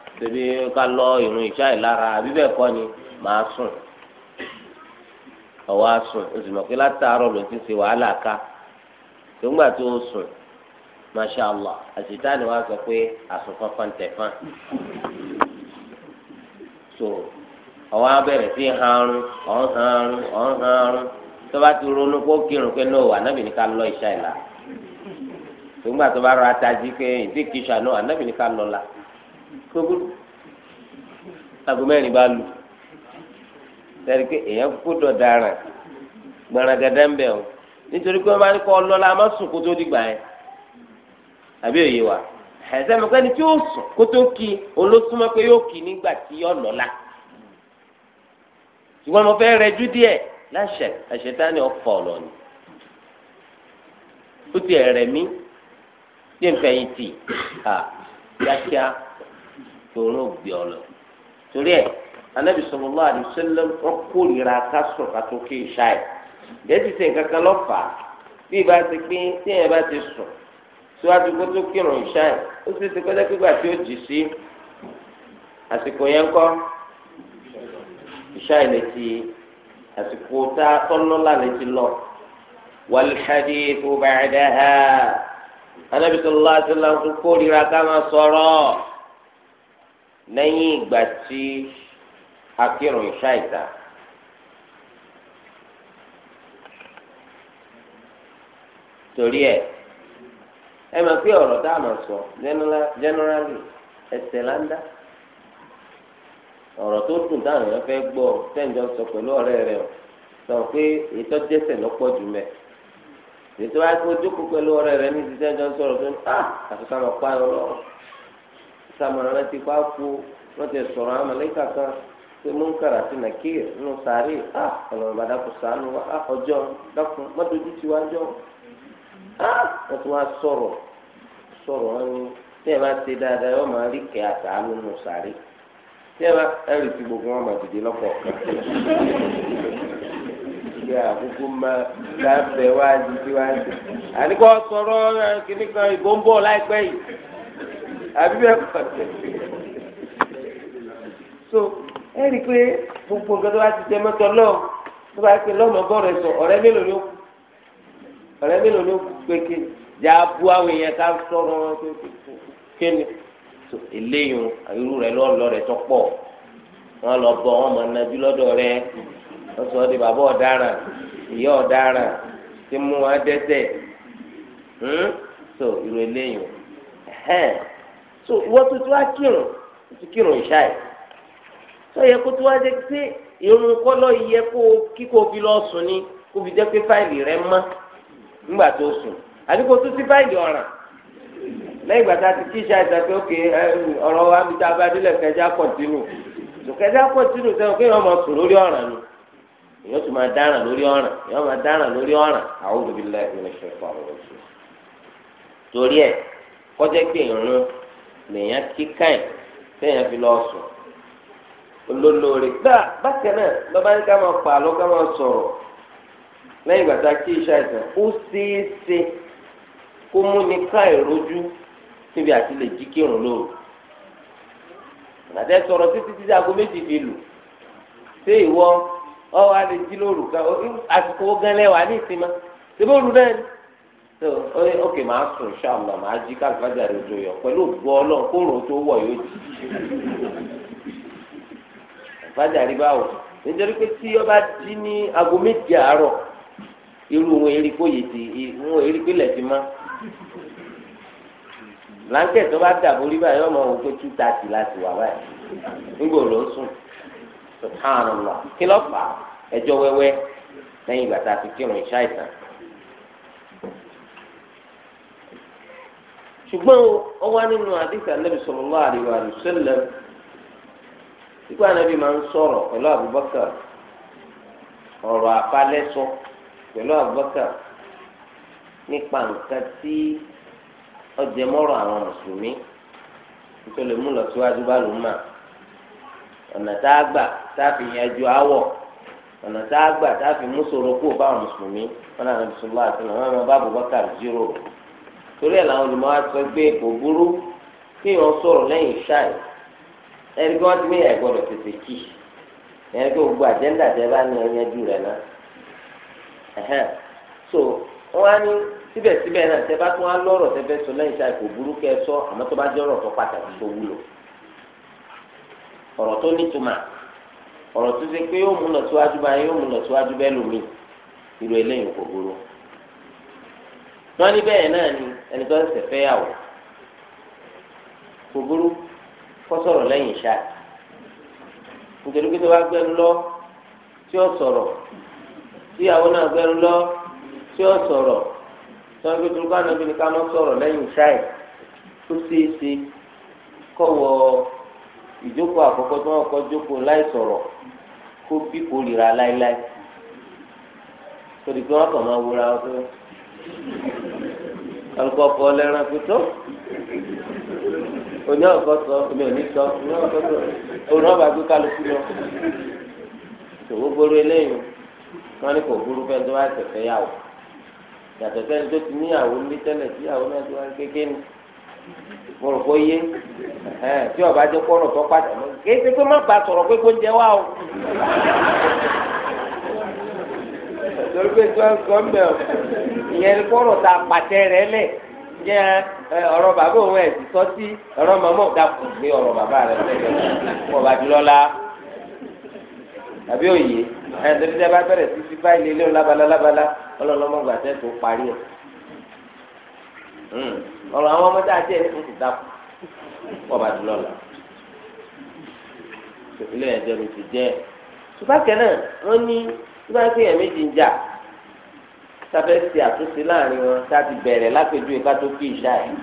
ṣebí ká lọ ìrun ìṣá ìlara àbí bẹ́ẹ̀ kọ́ ni màá sùn ọwọ́ á sùn oṣù mọ̀ pé látàárọ̀ ló ti ṣe wàhálà ká tòǹgbà tó o sùn masha allah àṣetáni wa sọ pé àsùnfọ́fọ́n tẹ̀fọ́n so ọwọ́ á bẹ̀rẹ̀ sí hanrun ọ̀hún hanrun ọ̀hún hanrun tó bá ti ronú kó kírun pé nóò ànábì ní ká lọ ìṣá ìlara tòǹgbà tó bá rọ atají pé ìdí kìí ṣàánú ànábì ní ká lọ la. kókó aago mẹ́rin bá lù sẹ́ni pé èyàn kó dọ̀dà rẹ̀ gbaragada ń bẹ̀ o nítorí pé wọ́n bá ní kọ lọ́la a má sùn kó tó dìgbà yẹn àbí òye wa ẹ̀sẹ̀ mi pẹ́ni tí yóò sùn kó tó kí olóṣùmọ́ pé yóò kí nígbà tí yóò lọ́la ṣùgbọ́n mo fẹ́ rẹjú díẹ̀ láṣẹ àṣetánì ọ̀fọ̀ ọ̀lọ́ ni ó ti ẹ̀rẹ̀ mí tí n fẹ̀yìntì tòun ò gbé ọ lọ torí ẹ anabi sallallahu alaihi wasallam ọkùnrin akásọ kàtókè ṣáì dẹ́sí sẹ́ kankan lọ́fà bí ibà ti pín tí ẹ̀ bá ti sùn síwájú kó tó kírun ṣáì ó sì ti pẹ́ẹ́dẹ́ pípa tí ó jì sí àsìkò yẹn kọ́ ṣáì lè ti àsìkò tá a lè ti lọ wal hadithu ba'daha anabi sallallahu alaihi wasallam kórìíra ká máa sọ̀rọ̀. lẹ́yìn ìgbà tí akírun ìṣá torí ẹ ẹ mọ̀ pé ọ̀rọ̀ tá a sọ generally ẹsẹ̀ la ń tó dùn táwọn èèyàn fẹ́ gbọ́ tẹ́ǹjọ́ sọ o sọ pé ètò jẹ́sẹ̀ lọ́pọ̀ jù mẹ́ ètò wáyé kó jókòó pẹ̀lú ọ̀rẹ́ rẹ ní ti tẹ́ǹjọ́ tó ah, àtúntà pa sàmọ̀ràn láti bá kú wọ́n ti sọ̀rọ̀ àwọn mọ̀lẹ́kà kan pé múnkàrà àti nàkíyè nínú sàárè á ah, ọlọ́run bá dákun sànù wá á ah, ọjọ́ dákun mọ́tòjú ti wá jọ á ah, wọ́n ti wá sọ̀rọ̀ sọ̀rọ̀ wọn ni tí ẹ bá ti dáadáa yọ máa rí kẹ́ àtàánú nínú sàárè tí ẹ bá ẹrù ti gbogbo wọn máa dìde lọ́pọ̀ kan ìgbé àkókò máa dábẹ́ wá di tí wá di àníkọ́ sọ̀rọ̀ kìnnìkan ìbò ń bọ̀ láìpẹ́ yìí àbí bẹ́ẹ̀ kọ́ so ẹ rí i pé gbogbo nǹkan tó bá ti jẹ mọ́tò lọ́ọ̀ tó bá pè lọ́mọ bọ́ọ̀rọ̀ ẹ̀ sọ ọ̀rẹ́ mélòó ni ó kù ọ̀rẹ́ mélòó ni ó kù péke yà á bu àwọn èèyàn ká sọ̀rọ̀ wọn pé so eléyìí irú rẹ lọ́ọ̀lọ́ rẹ tó pọ̀ wọn lọ bọ wọn mọ̀ nájú lọ́dọ̀ rẹ wọn sọ di bàbá ọ̀daràn ìyá ọ̀daràn ti mú wọn dẹ́ṣẹ̀ hmm? so irú eléyìí so ìwọ tó ti wá kírun ó ti kírun ìṣá ẹ̀ tó yẹ kó tó wá pé lọ sùn ni kó fi jẹ́ pé fáìlì rẹ mọ́ nígbà tó sùn àbí kó tún sí fáìlì a ti kí ìṣá ìṣá pé ókè ọ̀rọ̀ wa mi ta bá délẹ̀ kẹjá kọ̀tínù kẹjá kọ̀tínù sẹ́wọ̀n kéèyàn máa sùn lórí ọ̀ràn ni tún máa dáràn lórí ọ̀ràn máa dáràn lórí ọ̀ràn àwọn lèèyàn kí káyìn téèyàn fi lọ sùn olólóore gbà bákan náà lọ́ba ní ká máa pa àlọ́ ká máa sọ̀rọ̀ lẹ́yìn ìgbà tá a kí iṣẹ́ àìsàn ó ṣeé ṣe kó mú ní ká ìrójú níbi àti lè jí kírun lóru àtẹ sọ̀rọ̀ títí títí aago méjì fi lù ṣé ìwọ ọ wa lè jí lóru ká àsìkò gánlẹ̀ wà ní ìsinmi ṣé bó lù náà ni. so oye ok màá sùn ṣàlọ máa jí káfíńtà rẹ tó pẹ̀lú ògbó tó wọ yóò jí káfíńtà rí báwo nítorí pé tí ọba jí ní aago méje irú wọn kó ti wọn pé lẹsìn mọ tó bá dàbò rí báyìí ọmọ òun pé two thirty láti wà báyìí nígbà sùn subhanallah kí ló fà á ìgbà tá ṣùgbọ́n ó wá nínú àdìsá nàbì sallallahu alaihi wa sallam nígbà nàbì máa ń sọ̀rọ̀ pẹ̀lú Abubakar ọ̀rọ̀ àpalẹ́sọ pẹ̀lú Abubakar nípa nǹkan tí ọjẹmọ́rọ̀ àwọn mùsùlùmí nítorí mú lọ síwájú bá lòún mà ọ̀nà tá a gbà tá a fi yanjú àwọ̀ ọ̀nà tá a gbà tá a fi mú sòrò kó bá àwọn mùsùlùmí wọn náà nàbì sallallahu alaihi wa sallam wọn máa bá Abubakar jíròrò. torí ẹ̀ làwọn olùmọ̀ wa egbe pé kò burú kí wọ́n sọ̀rọ̀ lẹ́yìn ṣáì ẹni kí ti méyà gbọ́dọ̀ tètè kì í ẹni kí gbogbo àjẹ́ńdà tẹ bá ní ẹyẹ jù náà so wọ́n á ní síbẹ̀síbẹ̀ náà tẹ bá tún á lọ́rọ̀ tẹ sọ lẹ́yìn ṣáì kò burú sọ àmọ́ tó bá tó pàtàkì tó wúlò tó nítumà tó ṣe pé yóò mú lọ síwájú báyìí yóò mú lọ síwájú lómi wọ́n ní bẹ́ẹ̀ náà ni ẹni tó ń sẹ̀fẹ́ yàwó kò burú kó sọ̀rọ̀ lẹ́yìn iṣá nítorí pé tó bá gbẹ́nu lọ tí ó sọ̀rọ̀ tíyàwó náà gbẹ́nu lọ tí ó sọ̀rọ̀ tí wọ́n gbé tó bá ni ká má sọ̀rọ̀ tó ṣeé ṣe wọ ìjókòó alùpùpù ọ̀pọ̀ ọlẹ́ran kò tó oní ọ̀kọ́ sọ oní òní sọ oní ọ̀kọ́ sọ oní ọ̀bà gbé kálukú lọ tòwó gbóró eléyìí wọn ní kò burú fẹ́ tó wá ṣẹ̀fẹ̀ yàwó yàtọ̀ sẹ́ni tó ti níyàwó ní tẹ́lẹ̀ tí yàwó náà ti wá kéke ni mo rò pé yé tí ọba jẹ́ kọ́rọ̀ tó pàtàkì kéde pé má bàa sọ̀rọ̀ pé kó jẹ wá o torí pé tí wọ́n sọ mbẹ́ o ìyẹn ní kọ́rọ̀ ta pàtẹ rẹ lẹ̀ jẹ́ ọ̀rọ̀ bàbá òun ẹ̀ ti sọ sí ọ̀rọ̀ màmá ọ̀dà kù ní ọ̀rọ̀ bàbá rẹ lẹ́yìn mọ̀ bàbí lọ́la àbí òye ẹ̀ torí tẹ́ bá bẹ̀rẹ̀ sí fi báyìí lé léwu lábala lábala ọlọ́lọ́mọ gbàtẹ́ tó parí ẹ̀ hmm. ọ̀rọ̀ àwọn ọmọdé àti ẹ̀ ní kùtù dákù mọ̀ bàbí lọ́la ilé ẹ̀jẹ̀ ló ti jẹ́ ṣùgbọ́n kẹ́ náà wọ́n ní tó bá ń pè yàn méjì ń jà sábẹ́ ṣe àtúnṣe láàrin wọn láti bẹ̀rẹ̀ lápẹjù ìka tó kí ìṣá yìí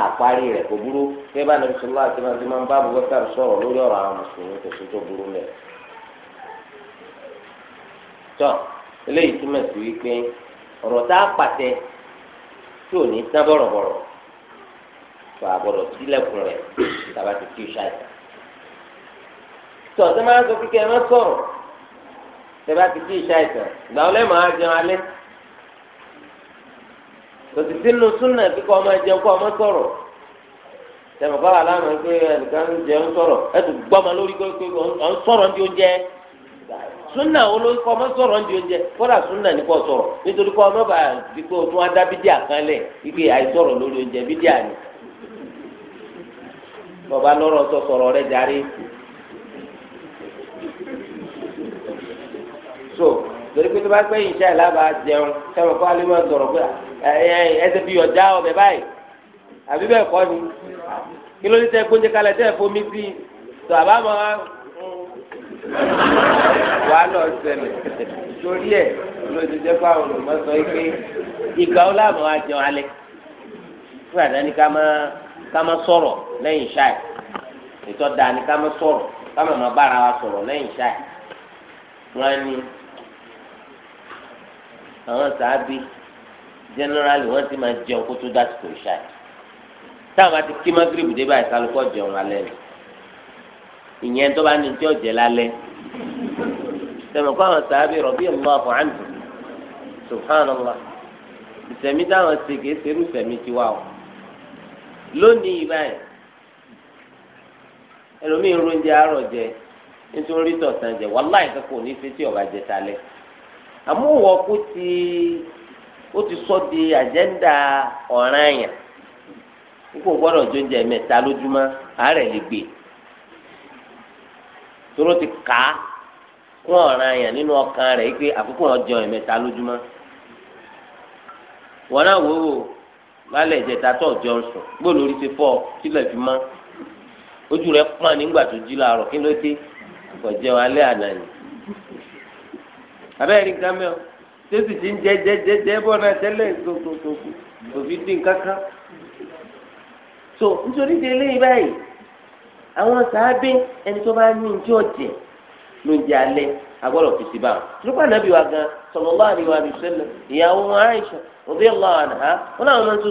àparí rẹ̀ kò burú kí ẹ bá nàbí sọlá àti màtí máa ń bá Abubakar sọ̀rọ̀ lórí ọ̀rọ̀ àwọn mùsùlùmí kò sí tó burú lẹ̀. tọ́ eléyìí túmọ̀ sí wípé ọ̀rọ̀ tá a pàtẹ tí ò ní tán bọ̀rọ̀bọ̀rọ̀ tó a gbọ́dọ̀ sílẹ̀kùn rẹ̀ tàbá ti kí ìṣá yìí. tọ́ sọ ma sọ kíkẹ́ ẹ má tẹ́lá ti kí ìṣá ìtàn ìgbà wọlé màá jẹun alẹ́ kò sínú súnà kíkọ́ ọmọ jẹun ọmọ sọ̀rọ̀ tẹ̀mọ̀ kọ́ aláàmọ̀ pé ẹnìkan ń jẹun sọ̀rọ̀ lórí ọ̀n sọ̀rọ̀ ń di oúnjẹ súnà wo ló kọ́ ọmọ sọ̀rọ̀ ń di oúnjẹ kódà súnà ní oúnjẹ bídíà ni tó bá pẹ́ ìṣá ìlàbà jẹun sẹ́wọ̀n kó alẹ́ sọ̀rọ̀ pé ẹsẹ̀ fi ọ̀dá ọbẹ̀ báyìí àbí bẹ́ẹ̀ kọ́ ni kí ló ní tẹ́ gbóúnjẹ kalẹ̀ tẹ́ fomi sí i tó àbá mọ́ wàá lọ ṣẹlẹ̀ torí ẹ̀ ló ti jẹ́ fáwọn olùmọ̀ sọ pé ìgbà ó láàmú wa jẹun alẹ́ fún àdáni ká ká má sọ̀rọ̀ lẹ́yìn ìṣá ẹ̀ ìtọ́ da ni ká má sọ̀rọ̀ ká má má bára wa sọ̀rọ̀ lẹ́yìn ìṣá ẹ̀ wọ́n á ní àwọn sàábì generally wọ́n ti máa jẹun kó tó dásìkò ìṣáì táwọn bá ti kí magrib dé báyìí kálukọ́ jẹun lálẹ́ ni ìyẹn tó bá ní tí ó jẹ lálẹ́ tẹmọ kó àwọn sàábì radiyallahu anhu subhanallah ìsẹ̀mí táwọn ṣe kìí ṣerú ìsẹ̀mí tiwa o lónìí báyìí ẹlòmíín ronjẹ àárọ̀ jẹ nítorí tọ̀sán jẹ wàláì kankan ò ní fetí ọ̀bà jẹ talẹ́ àmúwọ̀ kó ti ó ti sọ di agenda ọ̀ràn àyàn kókò gbọ́dọ̀ jó oúnjẹ mẹ́ta lójúmọ́ àárẹ̀ lè gbé tóró ti kà á kún ọ̀ràn àyàn nínú ọkàn rẹ̀ pé àkókò wọn mẹ́ta lójúmọ́ wọn náà lálẹ́ ìjẹta tó ti fọ́ sílẹ̀ fi mọ́ ojú rẹ̀ pọ́n nígbà tó jí láàárọ̀ kí ló dé kò jẹun alẹ́ àná abẹ́rẹ́ ní nǹkan mẹ́wọ́ tẹ́sí ti ń jẹ jẹ jẹ jẹ bọ́ náà tẹ́lẹ̀ dín kankan. so nítorí ti eléyìí báyìí àwọn ẹni tó bá ní ló ń jẹ fi tìrúkọ wa gan ìyàwó wọn làwọn máa ń tó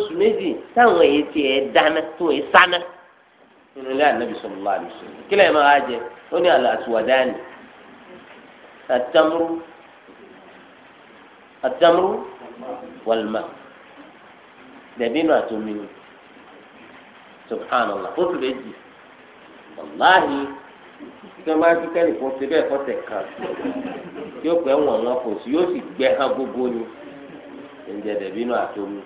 táwọn èyí ti dáná tó sáná nínú ilé kílẹ̀ máa jẹ ó ní àtàmúrú atamru walima dẹbi nu atomi ni subhanallah o tún lè jì wàláhi tí wọn bá ti kẹ́lì fún ṣe bẹ́ẹ̀ fọ́tẹ̀ kan yóò pẹ́ wọ̀n wọn kò sí yóò sì gbẹ́ hàn gbogbo ni ǹjẹ́ dẹ̀bí nù àtomi.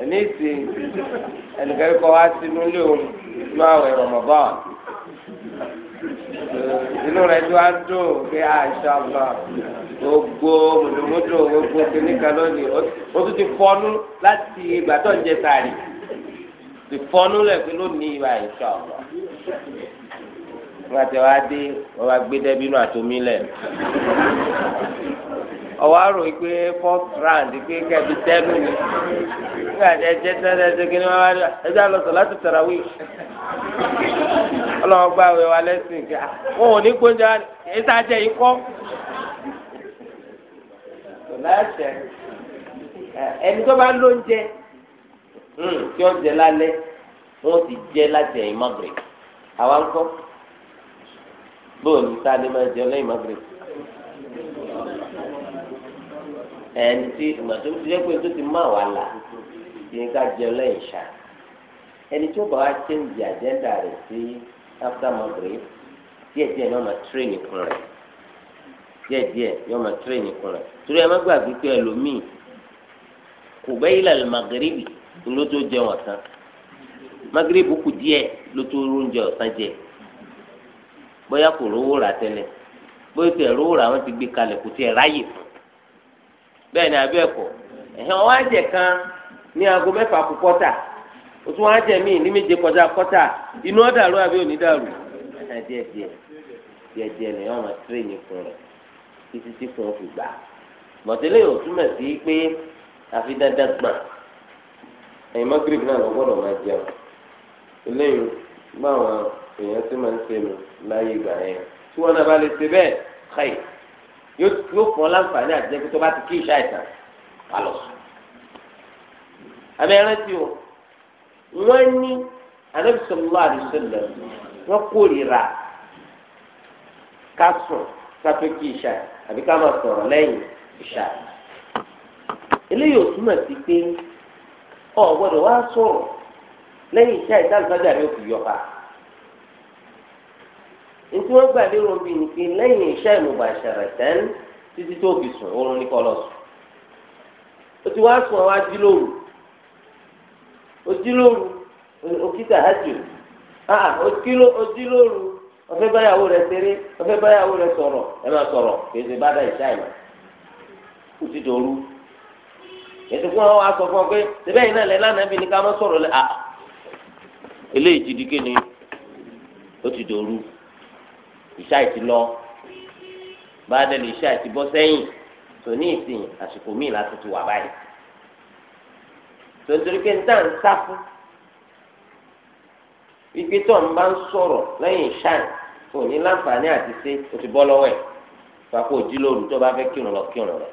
ẹni tí ẹnìkan kọ́ wá sínú ilé òun ní àwẹ̀ Ramadan inú rẹ̀ tó á dùn pé àṣà ah, àbá gbogbo mùdùmùdù gbogbo kìnnìkan lónìí ó tún ti fọnú láti ìgbà tó ń jẹ sàárì ti fọnú lẹ̀ pé lónìí ìwà àṣà àbá wọn àti wọn á dé wọn bá gbé dẹ́bínú àtomí lẹ̀. ọwọ́ àrò fourth round kẹbi tẹ́lú ni nígbà tí ẹjẹ tẹ́lẹ̀ ẹsẹ̀ kí ni wọ́n wá rí ẹjẹ́ àlọ́sọ̀ láti tarawih ọlọ́wọ́ gba àwẹ̀ wa lẹ́sìn kí wọn ò ní gbóúnjẹ ẹ̀sẹ̀ ajẹ́ yìí kọ́. ẹni tó bá lóúnjẹ hmm, tí ó jẹ lálẹ́ wọn sì jẹ láti ẹ̀yìn Maghrib àwa ń kọ́ bóòlù máa ẹni tí ìgbà tó ti lẹ́kọ̀ọ́ tó ti má wà là ìyẹn ká jẹ lẹ́yìn ṣá ẹni tí ó bá wá chẹ́ǹgì àjẹ́ndà rẹ̀ sí after Maghrib díẹ̀ díẹ̀ ni wọ́n máa tírèènì kún rẹ̀ díẹ̀ díẹ̀ ni wọ́n máa tírèènì kún rẹ̀ torí ẹ má gbàgbé pé ẹlòmíì kò bẹ́ẹ̀ ilẹ̀ Maghrib ló tó jẹun ọ̀sán Maghrib kù díẹ̀ ló tó oúnjẹ ọ̀sán jẹ bóyá kò rówó rà tẹ́lẹ̀ bóyá kò rówó rà wọ́n ti gbé kalẹ̀ kò tiẹ̀ ráyè fún bẹ́ẹ̀ ni abẹ́ ẹ̀kọ́ ẹ̀hìn ọ̀wá jẹ kan ní aago mẹ́fà kù kọ́tà o tún wá jẹ míì ní méje kọjá kọ́tà inú ọ̀ àbí òní dàrú ẹ̀hìn díẹ̀ díẹ̀ díẹ̀ díẹ̀ ni wọ́n máa tírèyìn fún rẹ̀ títí tí fún fi gbà bọ̀tẹ́lẹ̀ yóò túmọ̀ sí pé àfi dandan gbà ẹ̀yin magrib náà lọ gbọ́dọ̀ máa jẹun eléyìí báwọn èèyàn tí yóò fún ọ láǹfààní àjẹkù tó bá ti kí ìṣá ìtàn wà lọ sùn. abẹ́rẹ́ tí o wọ́n ní anábìsọ̀lọ́ àdìsọ̀lọ́ wọ́n kórìíra ká sùn ká tó kí ìṣá àbí ká máa sọ̀rọ̀ lẹ́yìn ìṣá. eléyìí ò túmọ̀ sí pé o gbọ́dọ̀ wá sọ̀rọ̀ lẹ́yìn ìṣá ìtàn ìfájà ni ó fi yọ pa ntí wọ́n gbà lérò bí ni pé lẹ́yìn iṣẹ́ ìmùbàṣẹ̀rẹ̀ tẹ́n títí tó fi sùn oorun ní kọlọ sùn o ti wá sùn àwọn ajílóru ojílóru òkìtà hajj ah òkìló ojílóru ọfẹ báyàwó rẹ ṣeré ọfẹ báyàwó rẹ sọ̀rọ̀ ẹ máa sọ̀rọ̀ kèsì bá dá ìṣá ìmọ o ti dòru ètò fún àwọn aṣọ fún ọ pé síbẹ̀ yìí náà lẹ́ lánàá bí ni ká má sọ̀rọ̀ lẹ́ ah eléyìí ti di kéne o ti dòru ìṣá ìti lọ bàdẹ́lì ìṣá ìti bọ́ sẹ́yìn tò ìsìn àsìkò míì láti ti wà báyìí tòǹtòrí pé níta ń sá fún ipe tó ń bá ń sọ̀rọ̀ lẹ́yìn ìṣá ò ní láǹfààní àti ṣe o ti bọ́ lọ́wọ́ ẹ̀ fàkó òjì tó bá fẹ́ kírun lọ kírun lọ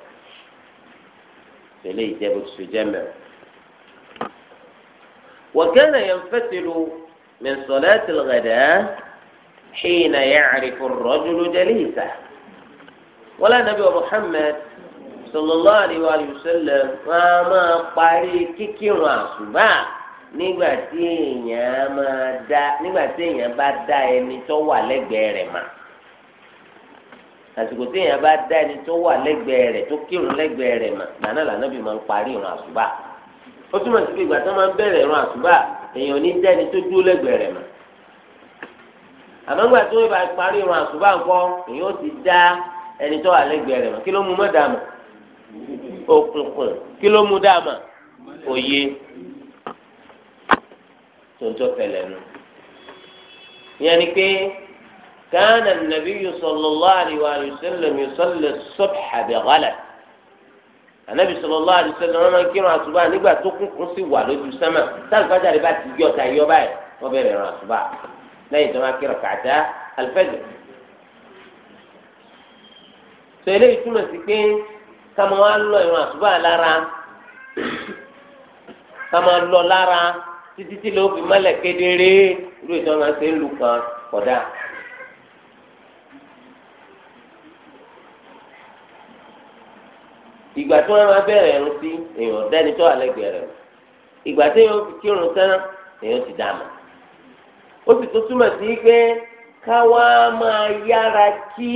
tẹ̀lé ìjẹ́bù tó fi jẹ́ mẹ́rin. وكان ينفتل من صلاة الغداء حين يعرف الرجل جليسه ولا نبي محمد صلى الله عليه وآله وسلم máa máa parí kíkírun àsùbá nígbà tí èèyàn máa dá nígbà tí èèyàn bá dá ẹni tó wà lẹ́gbẹ̀ẹ́ rẹ̀ mà àsìkò tí èèyàn bá dá ẹni tó wà lẹ́gbẹ̀ẹ́ rẹ̀ tó kírun lẹ́gbẹ̀ẹ́ rẹ̀ mà lànà lànà bí máa ń parí ìrun àsùbá ó túmọ̀ sí pé ìgbà tó máa ń bẹ̀rẹ̀ ìrun àsùbá èèyàn ò ní dá ẹni tó dúró lẹ́gbẹ̀ẹ́ rẹ̀ mà àmọ́ ńgbà tí wọ́n bá parí irun àsùbá ńkọ́ èyí ó ti dá ẹni tó wà lẹ́gbẹ̀ẹ́ rẹ̀ mọ̀ kí ló mú mọ́ dàmà òkùnkùn kí ló mú dàmà òye tontó fẹlẹ̀ nù. ìyẹn ni pé kánà nàbí sallallahu alaihi wa sallam yusalli subha bi ghalat anabi sallallahu alaihi wa sallam máa ń kírun àsùbá nígbà tó kúnkún sí wà lójú sánmà táwọn rẹ bá ti yọ ọta yọ báyìí wọ́n bẹ̀rẹ̀ lẹ́yìn tó máa kíra kàdá alifẹjọ tó eléyìí túmọ̀ sí pé kàmá wa lọ ìrun àsùbá lára kàmá lọ lára títí tí ló fi mọ́lẹ̀ kedere irú ìtọ́ máa ṣe ń lu kan kọ̀dá. ìgbà tí wọ́n máa bẹ̀rẹ̀ ẹ̀rùn sí èèyàn dẹ́ni tó àlẹ́ gbẹ̀rẹ̀ ìgbà tí èèyàn fi kírun tán èèyàn ti dà ó sì tún túmọ̀ sí pé ká wá máa yára kí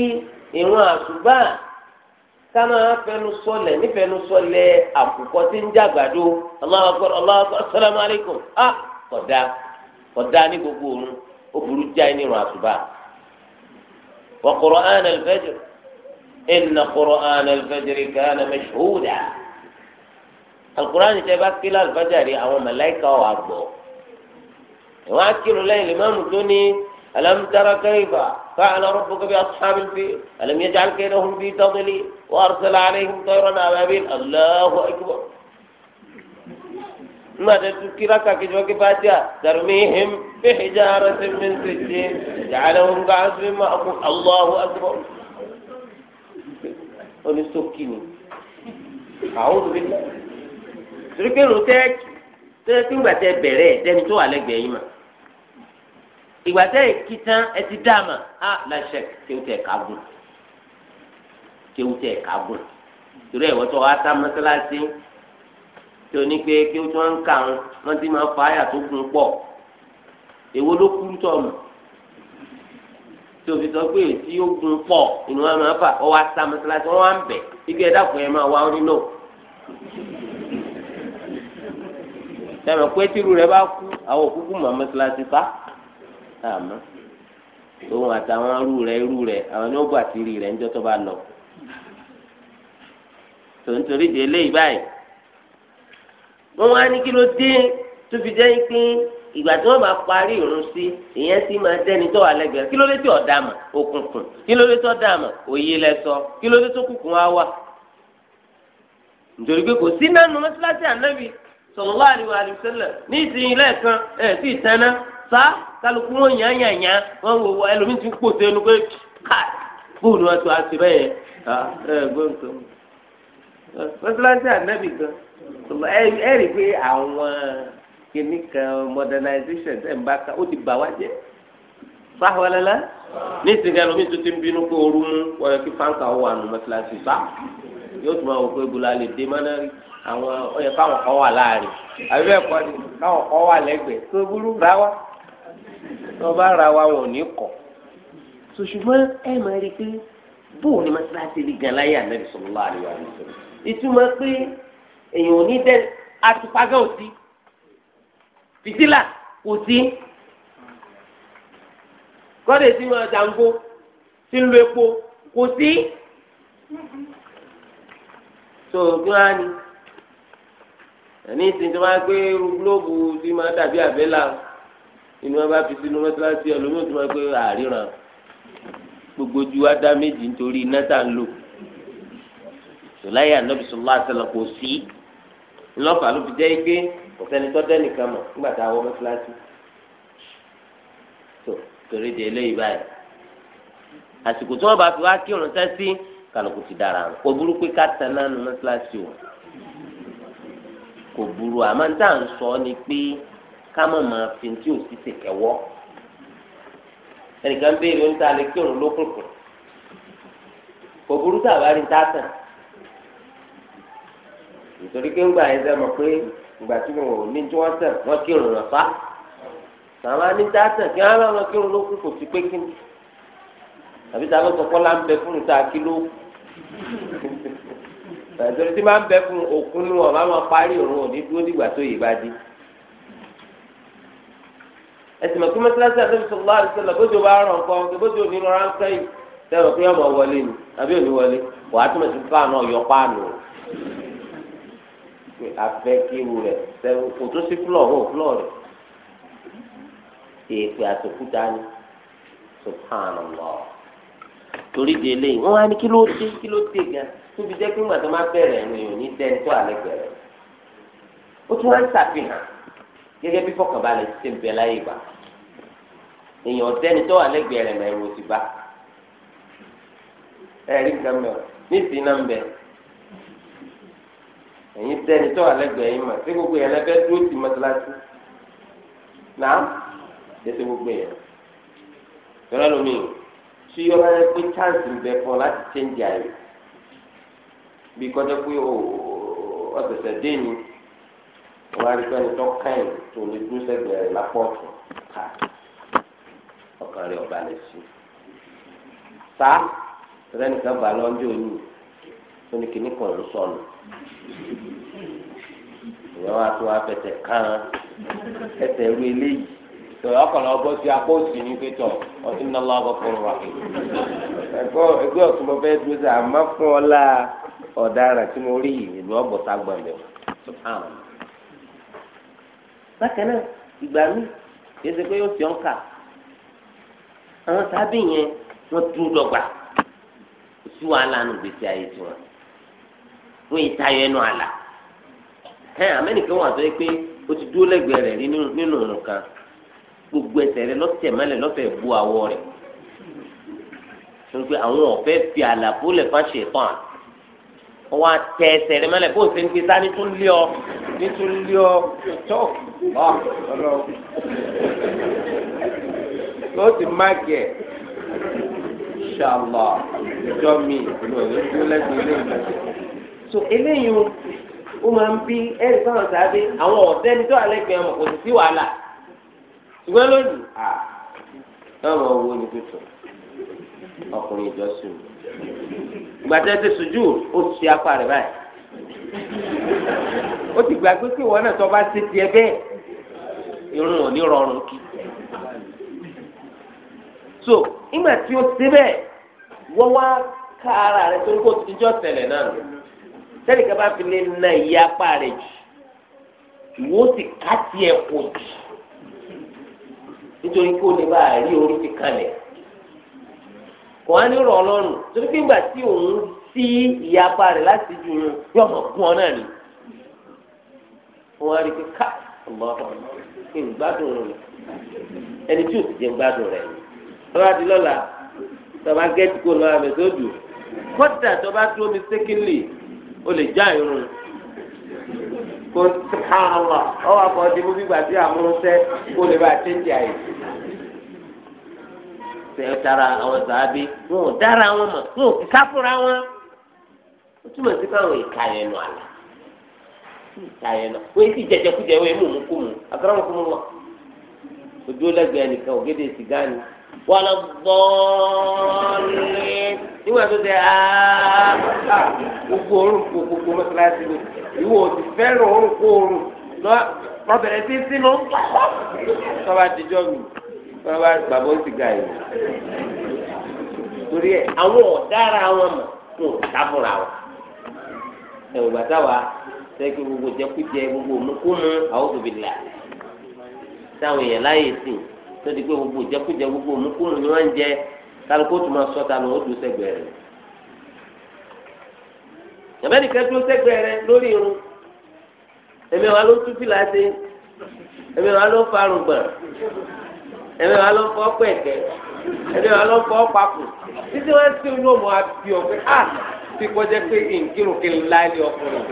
ìrun àsùbá ká máa fẹnu sọlẹ̀ nífẹ̀ẹ́nu sọlẹ̀ àkùkọ tí ń jàgbàdo Allahu akbar Allahu akbar assalamu alaikum á ah, kódà kódà ní gbogbo òun ó burú jáì ní ìrun àsùbá wa qur'ana al-fajr inna qur'ana al-fajri kana mashhuda al bá kí lálùfẹ́jọ́ rí àwọn màláíkà wà واكل الليل امام مدني الم ترى كيف فعل ربك باصحاب الفيل الم يجعل كيدهم في تضليل وارسل عليهم طيرا ابابيل الله اكبر ماذا تذكر كاكي جوكي باتيا ترميهم بحجارة من سجين جعلهم بعض مما أقول الله أكبر ونستوكيني أعوذ بالله تركي روتك تركي باتي بري تنتو عليك بأيما ìgbà tẹ́ ẹ kí tán ẹ ti dá àmà á láṣẹ kéwù tẹ̀ ká gùn kéwù tẹ̀ ká gùn torí ẹ̀wọ́ tó wá sá mọ́sálásí tó ní pé kéwù tó ń kà ń wọ́n ti máa fa àyà tó gùn pọ̀ èwo ló kú tọ̀nù tòfi sọ pé èsì yóò gun pọ̀ inú wa máa fà ọ wá sá mọ́sálásí wọn wá ń bẹ̀ igi ẹ̀dá fún ẹ máa wá ọ nílò. sẹ́mi pé tìrú rẹ bá kú àwọn òkúkú mọ́ mọ́sálásí fa àmọ́ òun àtàwọn arú rẹ̀ irú rẹ̀ àwọn ni ó gbà tìrì rẹ̀ níjọ́ tó bá lọ tòǹtòrí di eléyìí báyìí wọ́n wá ní kí ló dé tó fi jẹ́ pé ìgbà tí wọ́n bá parí ìrun sí ìyẹn sì máa dẹ́ni tó wà lẹ́gbẹ̀ẹ́ kí ló dé tí ọ̀dà mà òkùnkùn kí ló dé tó dà mà òye lẹ́sọ kí ló dé tó kùkùn wá wà nítorí pé kò sí nánu mọ́sálásí ànábì sallallahu alaihi wa sallam ní ìsinyìí lẹ́ẹ̀kan ẹ̀ sì tẹ́ná sá kálukú wọn yàn yàn yàn wọn wò wọ ẹlòmíì ti ń pò sẹ́nu pé ká bóun ni wọn tó àti bẹ́ẹ̀ ẹ gbọ́ǹkan mọ́sálásí ànábì gan ẹ rí i pé àwọn kìnnì kan modernization ẹ̀ ń bá ká ó ti bà wá jẹ́ sáwọlẹ́lẹ́ ní ìsìnkú ẹlòmíì tó ti ń bínú pé ooru mú wọ́n kí fáńkà wà nù mọ́sálásí bá yóò tún máa wò ibùdó alẹ́ dé mọ́nà rí àwọn ó yẹ káwọn wà láàrin àbí bẹ́ẹ̀ ni káwọn kan wà lẹ́gbẹ̀ẹ́ tó burú bá tó bá ra wa wọn ò ní kọ̀ so ṣùgbọ́n ẹ máa rí i pé bóun ni mọ́sálásí rí gan láyé ànábì sallallahu alaihi wasallam ìtumọ̀ pé èèyàn ò ní dẹ́ atupagán ò sí fìtílà kò sí gọ́dẹ̀ tí wọ́n ṣàǹgó tí ń lo epo kò sí tó gbọ́n á ní ẹni ìsìn tó máa gbé irú gílóòbù tí máa dàbí àbẹ́là inú wọn bá fi sínú mọ́tíláṣí ẹlòmíràn tó máa pé àríran gbogbo ju adá méjì nítorí iná tá ń lò sọláyé ànábì sọlá àtàlà kò sí ńlọ́fà ló fi jẹ́ pé kò sẹ́ni tó dẹ́ nìkan mọ̀ nígbà tá a wọ mọ́tíláṣí tó torí de eléyìí báyìí àsìkò tí wọ́n bá fi wá kírun sẹ́sí kálukú ti dára kò burú pé ká tẹ̀ náà nu mọ́tíláṣí o kò burú àmọ́ ní tá sọ ni pé ká mọ̀ máa fi tí ò sí ṣèkẹ́wọ́ ẹnìkan béèrè oníta lè kí òun lókùnkùn kò burú tàbá rí tásán nítorí pé ńgbà yẹn sẹ́mọ̀ pé ìgbà tí wọn ò ní tí wọ́n sẹ̀ wọ́n kí òun lọ́fà màmá ní tásán kí wọ́n bá wọn kí òun lókùnkùn sí pé kí ni àbí sábà sọ̀kọ́ la ń bẹ fún ìta kí ló ẹ̀sọ́rí tí máa ń bẹ fún òkun ní wọn máa parí òun ò dúró dìgbà tó yè bá di ẹsìn mọ̀ kí mọ́sálásí àtẹ́bí sọ̀rọ̀ láàrin sọ̀rọ̀ bójú bá rọ̀ nǹkan bójú òní rọra ń kẹ́yìn sẹ́wọ̀n kí ọmọ wọlé ni àbí òní wọlé wà á túmọ̀ sí fáànù ọ̀yọ́ páànù pé afẹ́ kéwu rẹ̀ sẹ́wọ̀n kò tó sí fúlọ̀ hó fúlọ̀ rẹ̀ èèpè àtòkúta ni subhanallah torí délé wọn wá ní kí ló dé kí ló dé gan tóbi jẹ́ pé ńgbà tó má bẹ̀rẹ̀ ẹ̀rìn òní dẹ́ntọ́ àlẹ́ gẹ́gẹ́ bí fọkànbalẹ̀ ti ṣe ń bẹ láyé ìgbà èèyàn ọ̀tẹ́ni tó wà lẹ́gbẹ̀ẹ́ rẹ̀ lẹ́rù òsì bá ẹ̀rí nǹkan mẹ́wàá ní ìsìn náà ń bẹ ẹ̀yin tẹ́ni tó wà lẹ́gbẹ̀ẹ́ yìí mà sí gbogbo yẹn lẹ́fẹ́ dúró ti mọ́tíláṣí náà lẹ́sẹ̀ gbogbo yẹn lọ́la lómi tí yọba yẹn pé chance ń bẹ fún ọ láti change àyè bí kọjá pé ọ̀sẹ̀sẹ̀ dé ni wọ́n á rí pẹ́ni tó kẹ́yìn tó lè dúró sẹ́gbẹ̀ẹ́ rẹ̀ lápọ̀tù ká ọkàn rẹ̀ ọ̀bà lè sí. sá rẹ́nìkan bá lọ́jọ́ òní tó ní kíní kan ń sọnù ìyẹn wàá tó wàá fẹsẹ̀ kán ẹsẹ̀ ru eléyìí tòyọ ọkọlọ ọgbọ sí apó òsì ní pẹtọ ọtún náà lọ ọgọfọrọ wa ẹgbẹ ẹgbẹ ọtún mo fẹẹ dúró sí àmọ́ fún ọlá ọ̀daràn tí mo rí ìlú ọgbọta gbọmọ bákan náà ìgbà míì kì í ṣe pé yóò fi ọ́n kà àwọn sábì yẹn wọ́n dúró dọ́gba kò sí wàhálà nù gbèsè ayé tiwọn wọ́n yìí tayọ ẹnu àlà ẹ amẹ́nìkan wà sọ pé o ti dúró lẹ́gbẹ̀ẹ́ rẹ̀ rí nínú òun kan gbogbo ẹsẹ̀ rẹ̀ lọ́tẹ̀ mẹ́lẹ̀ lọ́fẹ̀ bu àwọ̀ rẹ̀ sọ pé àwọn ọ̀fẹ́ fi àlàfo lẹ̀ fáṣẹ̀ fún wọn atẹ ẹsẹ̀ rẹ̀ mọ́lẹ̀ bó o ṣe ń gbé sá ní tún lé ọ ní tún lé ọ tó ọ ọlọ yóò ti má gẹ ṣàlọ ìjọ mi ìlú ọ̀rẹ́ tó lẹ́gbẹ̀ẹ́ lẹ́yìn so eléyìí ó máa ń bí ẹ̀rí fáwọn sáadé àwọn ọ̀sẹ́ ní tó àlẹ́gbẹ̀ẹ́ ọmọ kò sì sí wàhálà ṣùgbọ́n lónìí à náà wọ́n wo ni tuntun ọkùnrin ìjọ sùn ìgbà tẹ́ ṣe sùjú ó ṣe apá rẹ̀ báyìí ó ti gbà pé kí ìwọ náà tó bá ṣe tiẹ̀ bẹ́ẹ̀ irun ò ní rọrùn kí so ìgbà tí ó ṣe bẹ́ẹ̀ wọ́n wá ká ara rẹ̀ tó ń kó tijọ́ ṣẹlẹ̀ náà sẹ́nìkà bá fi lè na ìyá apá rẹ̀ jù ìwọ sì ká tiẹ̀ pọ̀ jù nítorí kó o lè bá rí orí ti kalẹ̀ kò wá ní rọ̀ ọlọ́run torí pé ìgbà tí òun sí ìyapa rẹ̀ láti ju yun yóò mọ̀ fún ọ náà ni. wọ́n á rí i pé ká ọ̀gbọ́n kí n gbádùn rẹ̀ ẹni tí ò sì gbádùn rẹ̀ ni. di lọ́la tọ́ba gẹ́tì kò lọ́la rẹ̀ tó dùn kọ́tà tọ́ba dúró mi sékìlì ó lè já irun kò sàrànwà ọwọ́ àkọ́ọ́dé mú bí gbàdúrà mú sẹ́ kó lè bá a tẹ́tì àyè. tara àwọn sàábí wọn ò dára wọn mọ̀ wọn ò fi sáfúra wọn ó túmọ̀ sí káwọn ìka yẹn nù àlà ìka yẹn nù wọ́n ti jẹjẹkújẹ wọ́n mú mú mu àtàrà wọn kú mu lọ ojú lẹ́gbẹ̀ẹ́ nìkan ògèdè sìgá ni lọ nígbà tó gbogbo gbogbo ìwọ ò ti kó sí sínú mi. wọn bá bàbá ó sì ga yìí torí ẹ àwọn ọ̀daràn àwọn mọ̀ fún ọ̀tá fúnra wọn ẹ ò bàtà wa sẹ́kì gbogbo jẹkújẹ gbogbo òmùkúmu àwọn òbí là táwọn èèyàn láyè sí tó di pé gbogbo jẹkújẹ gbogbo òmùkúmu ni wọ́n ń jẹ kálukó tó máa sọ́ta lọ ó dùn sẹ́gbẹ̀ẹ́ rẹ̀ tẹ̀mẹ́nìkan dúró sẹ́gbẹ̀ẹ́ rẹ̀ lórí irun èmi ló tún fìlà ṣe èmi ló farùn gbọ̀n. ẹ̀mí wa ló ń fọ́ pẹ̀kẹ́ ẹ̀mí wa ló ń fọ́ papò títí wọ́n ti ń lóun àbí ọ̀pẹ á ti kọjá pé nkírun ah! kí n ọkùnrin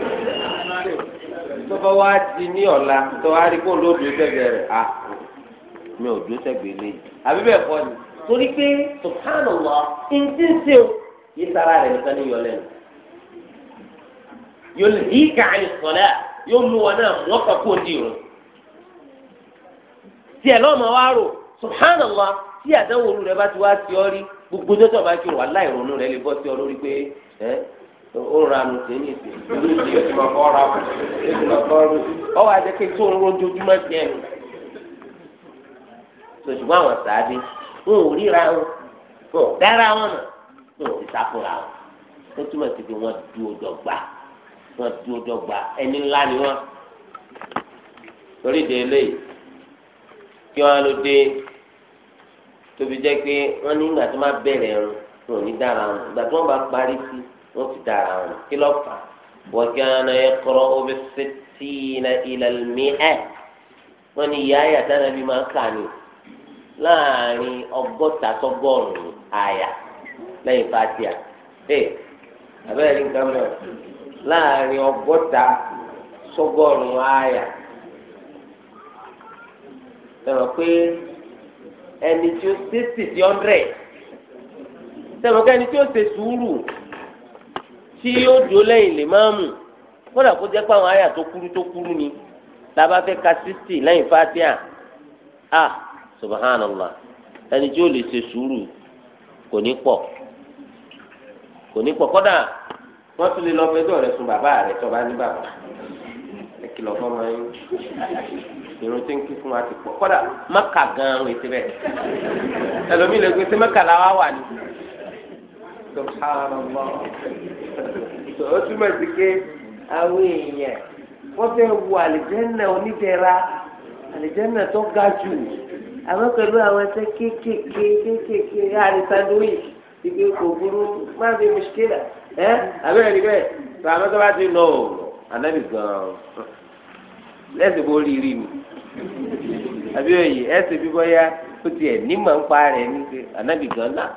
tó bá wá di ní ọ̀la tó wá rí kóun ló dúró sẹ́gbẹ̀ẹ́ rẹ̀ ah! mi ò dúró sẹ́gbẹ̀ẹ́ lé àbí bẹ́ẹ̀ ni torí pé subhanallah ntí ń ṣe o yìí sára nìkan ní yóò lè yí yóò mú di subhanallah tí àdánwò olú rẹ bá ti wá sí ọ rí gbogbo tó tọ̀ bá kí wà láì ronú rẹ lè bọ́ sí ọ lórí pé ẹ ó ra àmì sí ní ìsìn ìlú ìdí ẹ̀sìn máa kọ́ ra ẹ̀sìn máa kọ́ ra ọ wá jẹ́ kí tó ń rojoojúmọ́ tiẹ̀ nù. sòṣùgbọ́n àwọn sàádé wọn ò ríra wọn wọn dára wọn nà wọn sì sá wọn ó túmọ̀ sí pé wọ́n du ọjọ́ gbà wọ́n du ọjọ́ gbà ẹni ńlá ni wọ́n torí de eléyìí kí wọ́n á dé tóbi jẹ́ pé wọ́n ní ìgbà tó máa bẹ̀rẹ̀ ẹ̀rùn wọn ò ní dára wọn ìgbà tó wọ́n bá parí sí wọ́n ti dára wọn kí ló fà wọ́n kí wọn náà kọ́rọ́ omi sétí ilẹ̀ mi ẹ̀ wọ́n ní ìyá àyà táwọn ẹbí máa ń kà ní láàrin ọgọ́ta sọ́gọ́rùn-ún àyà lẹ́yìn fatia ee abẹ́rẹ́ ní nǹkan mọ̀ láàrin ọgọ́ta sọ́gọ́rùn àyà ẹ̀rọ pé ẹni tí ó ṣe sixty hundred sẹ́wọ̀n kẹ́ni tí ó ṣe sùúrù tí yóò dúró lẹ́yìn lè máa mú kódà kó jẹ́ pé àwọn àyà tó kúrú tó kúrú ni làbá fẹ́ ka sixty lẹ́yìn fatia ah subhanallah ẹni tí ó lè ṣe sùúrù kò ní pọ̀ kò ní pọ̀ kódà wọ́n tún lè lọ fẹjọ́ rẹ̀ sùn bàbá rẹ̀ tó ní bàbá ẹ kìlọ̀ fọmọ yín irun tí ń kí fún wa ti pọ̀ kọ́dà mẹ́kà gan-an ètò rẹ̀ ẹlòmíì lè gbé sí mẹ́kà làwa wà ní. ó túmọ̀ sí pé àwọn èèyàn wọ́n fẹ́ wo àlìjẹ́nà onídẹ̀ra àlìjẹ́nà tó ga jù àwọn pẹ̀lú àwọn ẹsẹ̀ kéékèèké kéékèèké àrísàndóyè ìgbé kò burú má fi mùsùkìlà ẹ àbẹ́rẹ́ níbẹ̀ tó àwọn tó bá ti nọ ọ̀ ànábì gan-an lẹ́sìn bó rí rí mi. àbí òye ẹsẹ̀ bí bóyá ó tiẹ̀ nímọ̀ ń pa rẹ̀ ní pé ànábì gan náà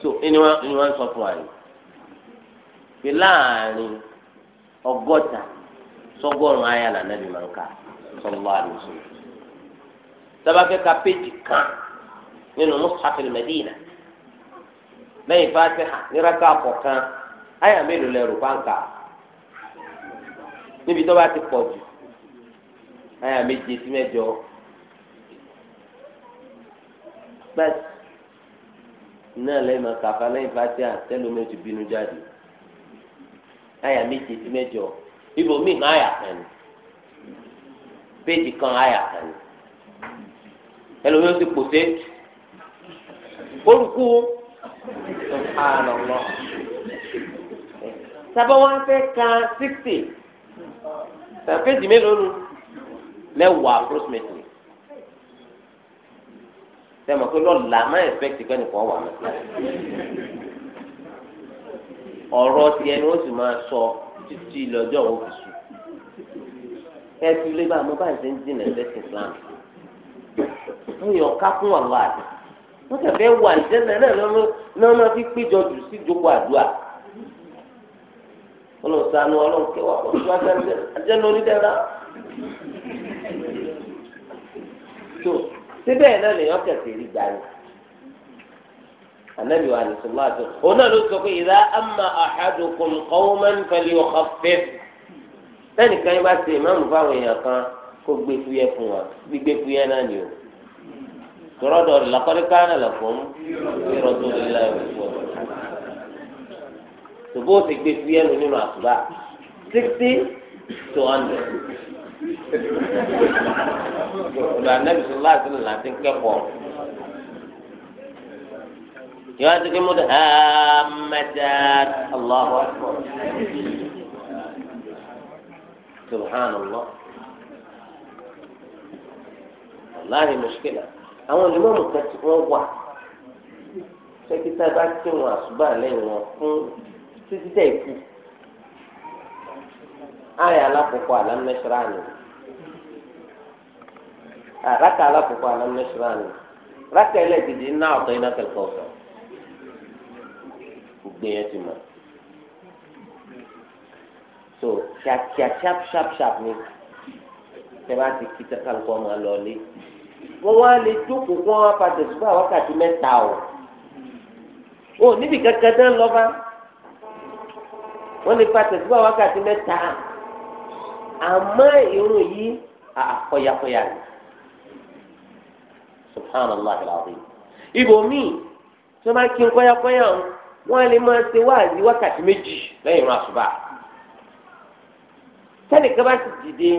so ẹni wọn sọ fún wa yìí pé láàrin ọgọ́ta sọgọ́rùn aya lànàbì máa ń kà sọlá àlùsọ sábàfẹ ka péjì kan nínú mùsàfẹ mẹdínà lẹ́yìn fatiha níraka aya mélòó pàǹkà níbi tó bá ti pọ̀ jù. àyà méje sí mẹ́jọ bẹ́ẹ̀ náà lẹ́yìn máa kàfa lẹ́yìn fàtíà tẹ́lómi ti bínú jáde àyà méje sí mẹ́jọ ibòmíì máa yà kàn ní péjì kan àyà kàn ní ẹlòmí ó ti pòṣe olùkú àlọ́lọ́ sábà wọn fẹ́ ka sixty péjì mélòó nu mẹ́wàá approximately sẹ́mi pé lọ́la má expect pé nìkan wà mọ́ ọ̀rọ̀ tiẹ̀ ni ó sì máa sọ títí lọ́jọ́ òun fi sùn ẹtù lé báyìí mo báyìí ṣe ń dín ẹgbẹ́ sí Islam wọ́n yàn ká fún àwọn àdá wọ́n kẹfẹ́ wà ìjẹ́nà náà náà náà fi péjọ jù sí ìjókòó àdúrà ọlọ́sàn-án ọlọ́run kẹwàá ọ̀ṣun àjẹnà onídẹ́ra tó síbẹ̀ náà lèèyàn kẹsì rí gbà yìí anabi wa alayisalaam ati òun náà ló sọ pé ìdá ama ahadukum qawman falyukhaffif lẹ́nìkan yín bá ṣe ìmáàmù fáwọn èèyàn kan kó gbé fúyẹ́ fún wa gbígbé fúyẹ́ náà ni o tọrọ dọ lakọli kaana la fún yọrọ tó lè la yọrọ tó tòbó ti gbé fúyẹ́ nínú àtúbà sixty to hundred. ọ̀dọ̀ anabi sọ láti lè láti kẹ́kọ̀ọ́ yóò wá sí mo dé hàmẹ́tẹ́ Allahu subhanallah láàrin mùsùlùmí àwọn onímọ̀mù kan tí wọ́n wà sẹ́kítà bá kí wọn àṣùbà lẹ́yìn wọn fún títí àyà alákòókò alámẹ́sìránì àràkà alákòókò alámẹ́sìránì rákà ẹlẹ́gidi ná ọ̀tọ̀ iná kẹlẹ́kọ̀ọ́ sọ gbìyànjú ti mọ̀ so kíákíá sharp sharp sharp ni tẹ́lá ti kí kálukọ́ máa lọ lé wọ́n wá lè jókòó kó wọ́n pa tẹ̀sùbá wákàtí mẹ́ta o o níbi kankan dán lọ́ba wọ́n lè pa tẹ̀sùbá wákàtí mẹ́ta àmọ́ irun yìí àkọyakọya ni subhanallah alazim ibòmíì tí wọ́n bá kí n kọyakọya wọ́n lè máa ṣe wáàzí wákàtí méjì lẹ́yìn irun àṣùbà sẹ́nìkan bá ti dìde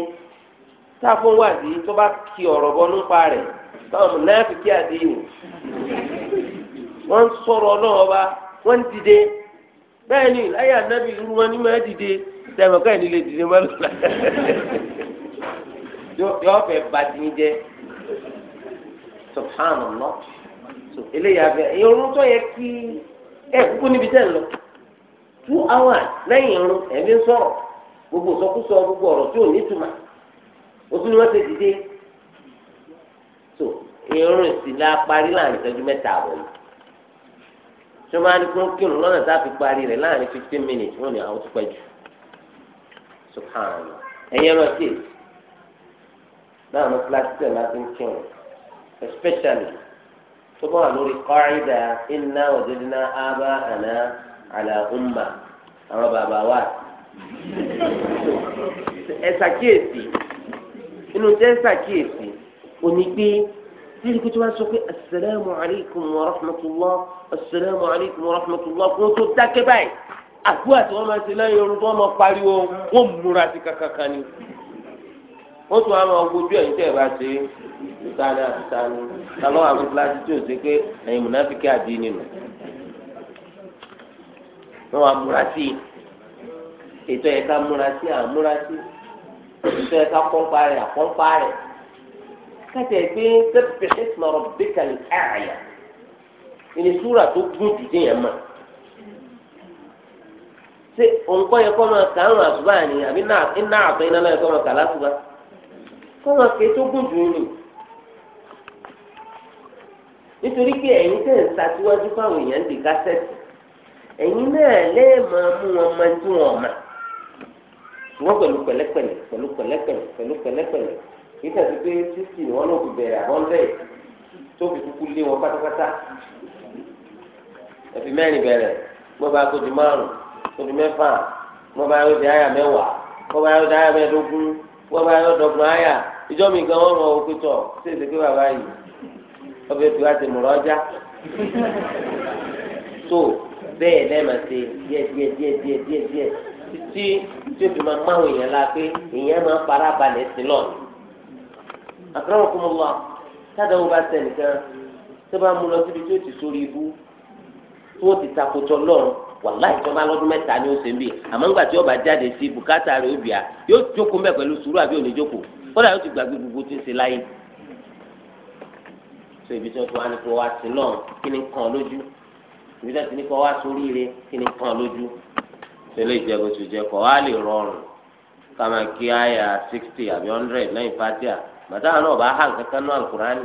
tá a fún wáàdí tó bá kí ọ̀rọ̀ bọ nípa rẹ̀ táwọn náà fi kí àdéhùn wọ́n ń sọ̀rọ̀ náà wá wọ́n dìde bẹ́ẹ̀ ni láyé ànábì irú wọn ní máa dìde sẹ́mi ọ̀kọ́ ẹ̀ní lè dìde mọ́lú la yọ ọ̀fẹ́ bàtìní jẹ subhanallah so eléyà fẹ́ irun tó yẹ kí ẹ kúkú níbi tẹ́ lọ two hours lẹ́yìn irun ń gbogbo sọkúsọ gbogbo ọrọ tí ò ní tuma o tún ti dìde so la parí láàrin tí wọ́n bá ní kó kírun lọ́nà tá a fi parí rẹ̀ láàrin fifteen minutes wọ́n ní àwọn tó pẹ́ jù subhanahu ẹ̀yin ọmọ kí náà mo láti ń kírun especially tó bá wà lórí kọ́rídà inna wajadna aba'ana ala umma àwọn bàbá wa ẹ ṣàkíyèsí inú tẹ́ ṣàkíyèsí òní ẹni kí tó bá sọ pé asalaamu alaykum wa rahmatulah asalaamu alaykum wa rahmatulah kó tó dákẹ́ báyìí àdúrà tí wọ́n máa ṣe lẹ́yìn orun tí wọ́n máa pariwo wọ́n múra sí kankan ni wọ́n tún wá máa wojú ẹ̀yìn tẹ́ ẹ̀ bá ṣe ìtaní àti ìtaní talọ́ àwọn kíláàsì tí ò ṣe pé ẹ̀yin múnáfíkì àdín nínú wọ́n wá múra sí ètò ẹ̀ka múra sí àmúra sí ètò ẹ̀ka pọ́ńpá rẹ̀ àpọ́ńpá rẹ̀. kẹtẹ pé sẹpẹ ẹsùn ọ̀rọ̀ bẹkẹlẹ àyà ìní súra tó gún dìde yẹn mọ ṣé òǹkọ yẹ kọ́ máa kà ń àtúbà ni àbí iná àtọ iná náà yẹ kọ́ máa kà látúbà kọ́ máa ké tó gún dùn ní nítorí pé ẹ̀yin tẹ̀ ń ṣàtiwájú fáwọn èèyàn ń di kásẹ̀tì ẹ̀yin náà mú wọn máa ń wọn ṣùgbọ́n pẹ̀lú pẹ̀lẹ́pẹ̀lẹ́ kì í tẹ̀sí pé sixty ni wọ́n lò fi bẹ̀rẹ̀ hundred tó fi kúkú lé wọn pátápátá ẹ̀fí mẹ́rin bẹ̀rẹ̀ mo bá kó di márùn kó di mẹ́fà mo bá yọ di àyà mẹ́wàá mo bá yọ di àyà mẹ́ẹ̀ẹ́dógún mo bá yọ dọ́gbọ̀n àyà ìjọ mi gan wọn rọ òkú tọ̀ sí èdè pé bàbá yìí ọbẹ̀ tó wá ti mọ̀rọ̀ ọjà tó bẹ́ẹ̀ lẹ́ẹ̀ma ṣe díẹ̀ díẹ̀ díẹ̀ díẹ̀ díẹ̀ díẹ̀ títí tí o fi máa máwò èèyàn la pé èèyàn máa fara balẹ̀ sí lọ́nà àkàràwọ̀ kọ́ mọ́ wa tádàwọ̀ bá tẹ̀ nìkan tó bá mú lọ síbi tí ó ti sórí ibú tí wọ́n ti takotọ́ lọ́rùn wàláì tó bá lọ́dún mẹ́ta ni ó ṣe ń bì àmọ́ ńgbà tí ọba jáde sí bùkátà rẹ̀ òbíà yóò jókòó mbẹ́ pẹ̀lú sùúrù o òní jókòó kódà yóò ti gbàgbé gbogbo tí ń ṣe láyé. sọ ibi tí wọ́n ti wá ní kó wá sí náà kí ni kàn lójú ibi tí wọ́n ti ní kó wá sórí ire kí kàn lójú. tẹ́lẹ̀ ìjẹ́bù tó jẹ́ kọ́ wá lè rọrùn ká máa kí àyà sixty àbí hundred lẹ́yìn fatia màtáwa náà bá hàn kankan náà alukurani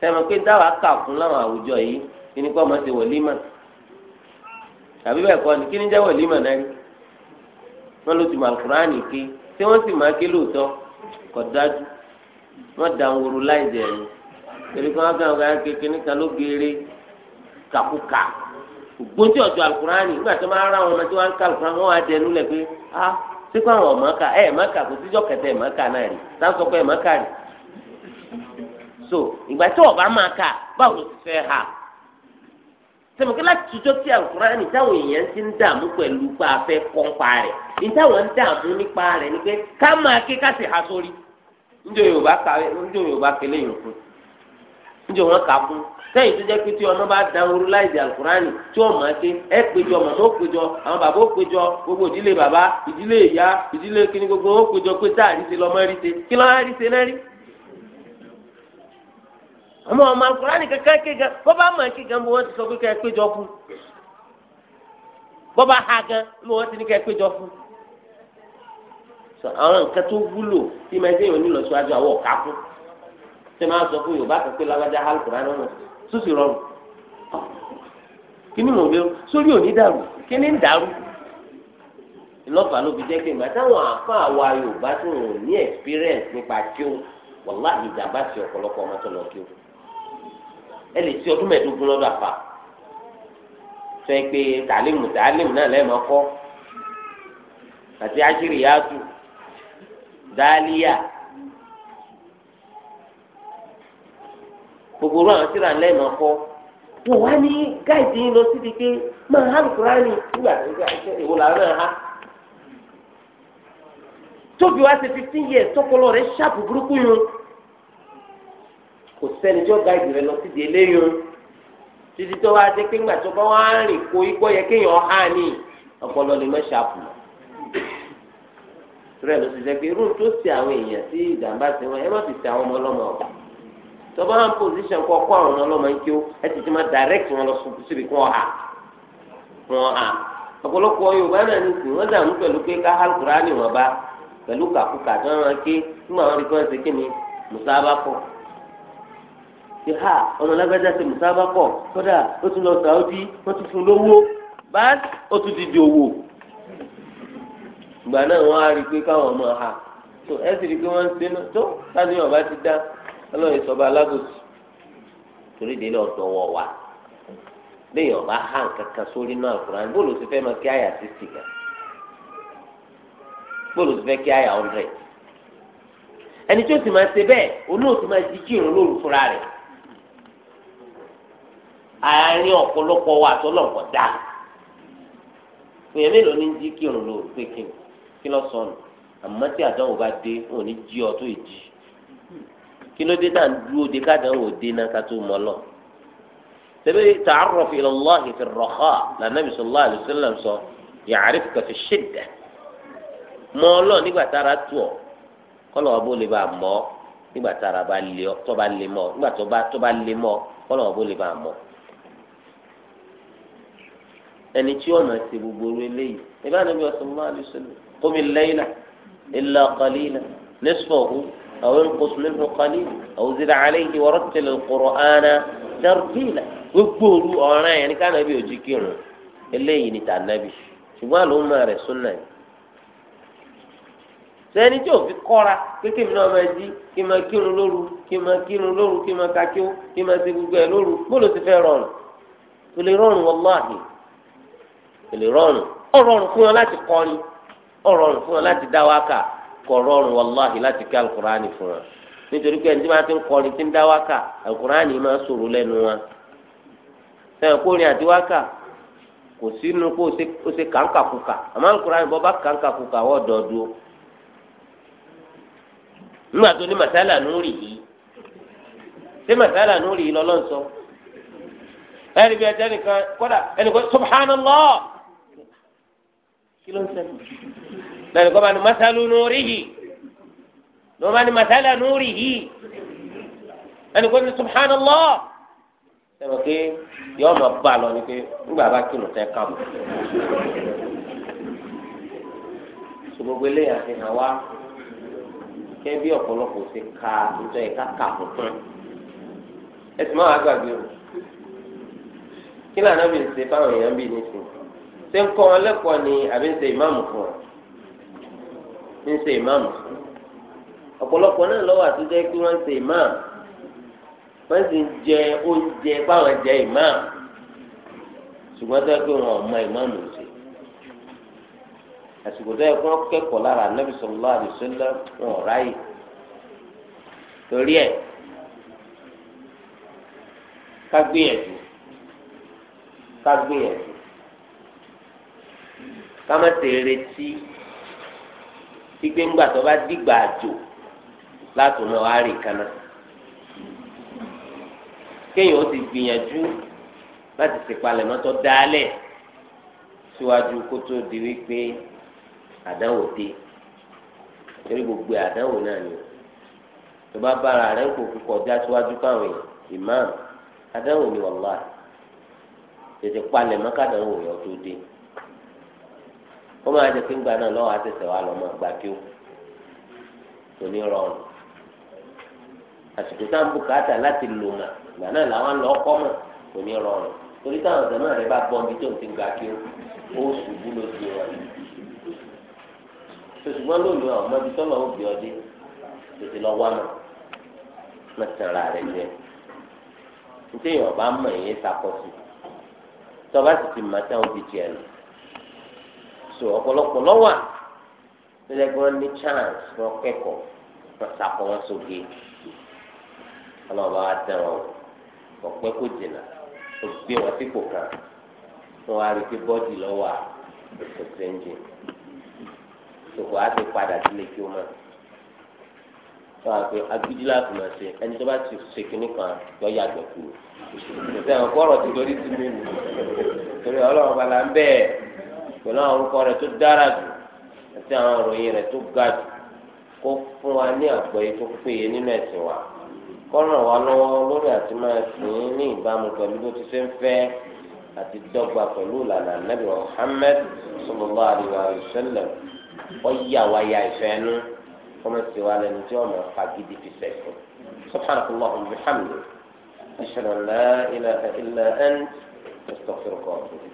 sẹ́mi pé dáwàá kà fún láwọn àwùjọ yìí kí ni kọ́ ọmọ ṣe wọ̀límà tàbí bẹ́ẹ̀ kọ́ ni kí ni jẹ́ wọ̀límà náà rí wọ́n ló ti mọ alukurani ké tí wọ́n sì máa ké lóòótọ́ kọ̀ dájú wọ́n da ń woro láì jẹ̀ ẹ̀yìn torí kí wọ́n kàn wọ́n kékeré nìkan ló geere kàkúkà gbóńtì ọ̀jọ̀ alukurani nígbà tó máa rà wọn tí wọ́n ká alukurani wọ́n á jẹ́ nulẹ̀ pé ah sípò àwọn ọmọ ká ẹ má kà kò síjọ kẹtẹ ẹ náà rí sáńsọ pé ẹ má rí so ìgbà tí ọba máa kà báwo ló ti fẹ́ hà sọmọkẹ láti tutọ́ tí alukurani táwọn èèyàn ti ń dààmú pẹ̀lú pa afẹ́ kọ́ńpa rẹ̀ ní táwọn ń dààmú nípa rẹ̀ ni pé ká máa ké ká sì ha sórí ndé yorùbá kàwé ndé yorùbá kẹlẹ́ yòókù níjẹ́ wọn kà fún sẹ́yìn tó jẹ́ pé tí ọmọ bá dánwóró láì di alukurani tí ó máa ké ẹ péjọ màmá ó péjọ àwọn bàbá ó péjọ gbogbo ìdílé bàbá ìdílé ìyá ìdílé kíní gbogbo ó péjọ pé tá àríṣe lọ́mọ ríṣe kí lọ́mọ ríṣe náà rí. ọmọ ọmọ alukurani kankan ké gan bọ́bá mọ̀ ké gan bó wọ́n ti sọ pé ká ẹ péjọ fún bọ́bá ha gan bó wọ́n ti ní ká ẹ péjọ fún àwọn nǹkan tó wúlò tí ṣe máa sọ fún yorùbá kan pé lágbájá alukurani ọ̀nà sùsì rọrùn kí ni mò ń lérò sórí òní dàrú kí ni ń dàrú ìlọ́fà ló fi jẹ́ pé màá táwọn àáfàá wa yorùbá tó ń ní experience nípa kíó wàhálà ìjàmbá sí ọ̀pọ̀lọpọ̀ ọmọ tó lọ kíó ẹ lè ti ọdún mẹ́ẹ̀ẹ́dógún lọ́dọ̀ àfà sọ pé tàlímù tàlímù náà lẹ́ẹ̀mọ́ kọ́ àti àṣírí yá tù dáálíyà. gbogbo orú àwọn tíra ńlẹ́ ìmọ̀ kọ́ wọ́n wá ní gáìdì yín lọ síbi pé máa hàn kúránì nígbà ìwò làwọn náà ha tóbi wá ṣe fifteen years tọkọlọ rẹ ṣáàpù burúkú yun kò sẹ́ni tí ó gáìdì rẹ lọ síbi eléyun títí tó wá dé pé ńgbà tó bá wá rìn kó igbó yẹ kéèyàn há ní ọpọlọ lè má ṣáàpù lọ rẹ ló ti jẹ pé irú tó ṣe àwọn èèyàn tí ìjàmbá ti wọn ẹ má ti àwọn ọmọ tọba hàn pòsíṣàn kọ kó àwọn ọlọmọ ń kí ó ẹ ti ti máa direct wọn lọ síbi kí wọn hà wọn hà ọ̀pọ̀lọpọ̀ yorùbá náà ní sìn wọn dààmú pẹ̀lú pé ká alukura ni wọn bá pẹ̀lú kàkúkà tí wọn máa ké fún àwọn ẹni kí wọn ṣe kí ni musaba kọ ṣe ha ọmọ lágbájá ṣe musaba kọ kódà ó tún lọ sàódì wọn tún fún lówó bá ó tún ti di owó ìgbà náà wọn á rí pé káwọn ọmọ ha tó ẹ sì rí i pé wọn ń ọlọ́run ìsọba alágòsì torí délé ọ̀dọ̀ wọ̀ wá léèyàn bá há nǹkan kan sórí náà Kùránì bóòlù sì fẹ́ kí àyà sixty gan bóòlù sì fẹ́ kí àyà hundred ẹni tí ó sì máa ṣe bẹ́ẹ̀ onú ò máa di kírun lóru fúnra rẹ̀ àárín wa dá èèyàn mélòó ní jí pé kí lọ́sọ̀nù àmọ́ tí àdánwò bá dé òun ní ọ tó ì kí ló dé tá à ń dúró de ká dánwò dé náà ká tó mọ lọ. tẹ́lẹ̀ ta'arraf ila Allah fi rọ̀kà lànàbì sallallahu alaihi wasallam sọ ya'rifka fi shidda mọ lọ nígbà tára tù ọ kọlọ ọbọ lè bá mọ nígbà tára bá lé ọ tó bá lé mọ nígbà tó bá tó bá lé mọ kọlọ ọbọ lè bá mọ. ẹni tí ọ̀nà ti gbogbo orí eléyìí ìbáraẹni bí sallallahu alaihi wasallam qumil layla illa qalila nisfahu. أو انقص منه قليل أو زد عليه ورتل القرآن ترتيلا وقولوا أنا يعني كان أبي أجيكيرو ya ni tà nàbì ṣùgbọ́n àlùmọ́ rẹ̀ ni. sẹ́ni tí òfin kọ́ra kékeré náà máa jí kí máa kírun lóru kí máa kírun lóru kí máa kakíó kí máa loru gbogbo ẹ̀ lóru bóòlù ti fẹ́ rọrùn kò lè rọrùn fe kò lè rọrùn ó rọrùn fún wọn láti fún wọn láti dá wákà kò rọrùn láti ké alukurani fún wa nítorí pé ẹnití máa ti ń tí ń dá wákà alukurani máa sọ̀rọ̀ lẹ́nu wa sẹ́yìn kórin àti wákà kò sínú kó o ṣe kàńkàkùkà àmọ́ alukurani bọ́ bá kàńkàkùkà wọ́n dọ̀ọ́dún nígbà tó ní masala nùrì yìí ṣé masala yìí lẹ́nu kọ́ bá ní masalu nùrí yìí ló bá ní masala nùrí yìí lẹ́nu kọ́ ní subhanallah sẹ́nu pé yọ ọmọ bá lọ ni pé ńgbà bá kí nùtẹ́ ká mọ̀ gbogbo eléyà fi hàn wá kẹ́bí ọ̀pọ̀lọpọ̀ ṣe ka ìjọ ìka kà fún ẹsìn máa gbàgbé o kí lànà bí ṣe fáwọn èèyàn bí nísìn ṣé ń kọ́ wọn lẹ́kọ̀ọ́ ni àbí ń ṣe ìmáàmù fún ọ ń ṣe ìmáàmù ọ̀pọ̀lọpọ̀ náà lọ́wọ́ àtúnjẹ́ pé wọ́n ń ṣe ìmáàmù wọ́n sì ń jẹ oúnjẹ báwọn jẹ ìmáàmù ṣùgbọ́n tó yẹ pé wọn ò mọ ìmáàmù ṣe àsìkò tó yẹ kó wọn kẹ́kọ̀ọ́ lára Ànábì sallallahu wọn ò ráyè torí ẹ̀ ká gbìyànjú ká gbígbé ńgbà tó bá dìgbà àjò láti mọ àárè kaná kéèyàn ó ti gbìyànjú láti ṣèpalẹ̀ mọ́tò dálẹ̀ síwájú kó tó di wípé àdánwò dé torí gbogbo àdánwò náà ni tó bá bára rẹ̀ kò kú kọjá síwájú káwọn ìmáàmù àdánwò ni wàlláhì tètè palẹ̀ mọ́ kádánwò yẹn tó dé ó máa jẹ pé ńgbà náà lọ́wọ́ àtẹ̀sẹ̀ wa lọ́mọ gbà kí ó kò ní rọrùn àsìkò táwọn bùkátà láti lò mà ìgbà náà làwọn lọ kọ́ mà kò ní rọrùn torí táwọn ọ̀sẹ̀ náà rẹ bá bọ́ ibi tó ń ti gbà kí ó ó ṣubú lójú wọn ṣùgbọ́n lónìí àwọn ọmọdé tọ́lọ̀ ó bí ọdẹ tètè lọ wá mà má tẹ̀ra rẹ jẹ nítorí ọba mọ̀ ẹ̀yẹ sakọ sí tọ́ba sì ti mà táwọn ti tiẹ̀ lọ so ọ̀pọ̀lọpọ̀ lọ́wà lẹ́gbọ́n ní chance wọn kẹ́kọ̀ọ́ wọn sàkọ́ wọn sóge ọlọ́ọ̀bá wa dán wọn ọ̀pẹ́ kò jìnnà ó gbé wọn sípò kan wọn wá rí i pé bọ́ọ̀dì lọ́wà kò sẹ́ńjì sòkò á ti padà sílé kí ó mọ̀ wọn àgbẹ̀ agídílà fún ọ ṣe ẹni tó bá ti ṣe kínní kan yọ yàgbẹ́ kúrò kò sẹ́wọ̀n ọ̀rọ̀ ti dorí sí mi nù torí ọlọ́run bala ń bẹ́ẹ̀ pẹ̀lú àwọn orúkọ rẹ̀ tó dára jù àti àwọn òròyìn rẹ̀ tó ga jù kó fún wa ní àgbọ́yé tó péye nínú ẹ̀sìn wa kọ́ràn wa lọ́wọ́ lórí àti máa sìn ní ìbámu pẹ̀lú bó ti ṣe ń fẹ́ àti dọ́gba pẹ̀lú ìlànà Ànábì Muhammad sallallahu alaihi wa sallam ọ̀yà wa ya ìfẹ́ nú kọ́mọ̀ wa lẹ́nu tí wọ́n máa fagídí fi sẹ́kùn subhanakallahumma wa bihamdika ashhadu an la ilaha illa ant astaghfiruka wa atubu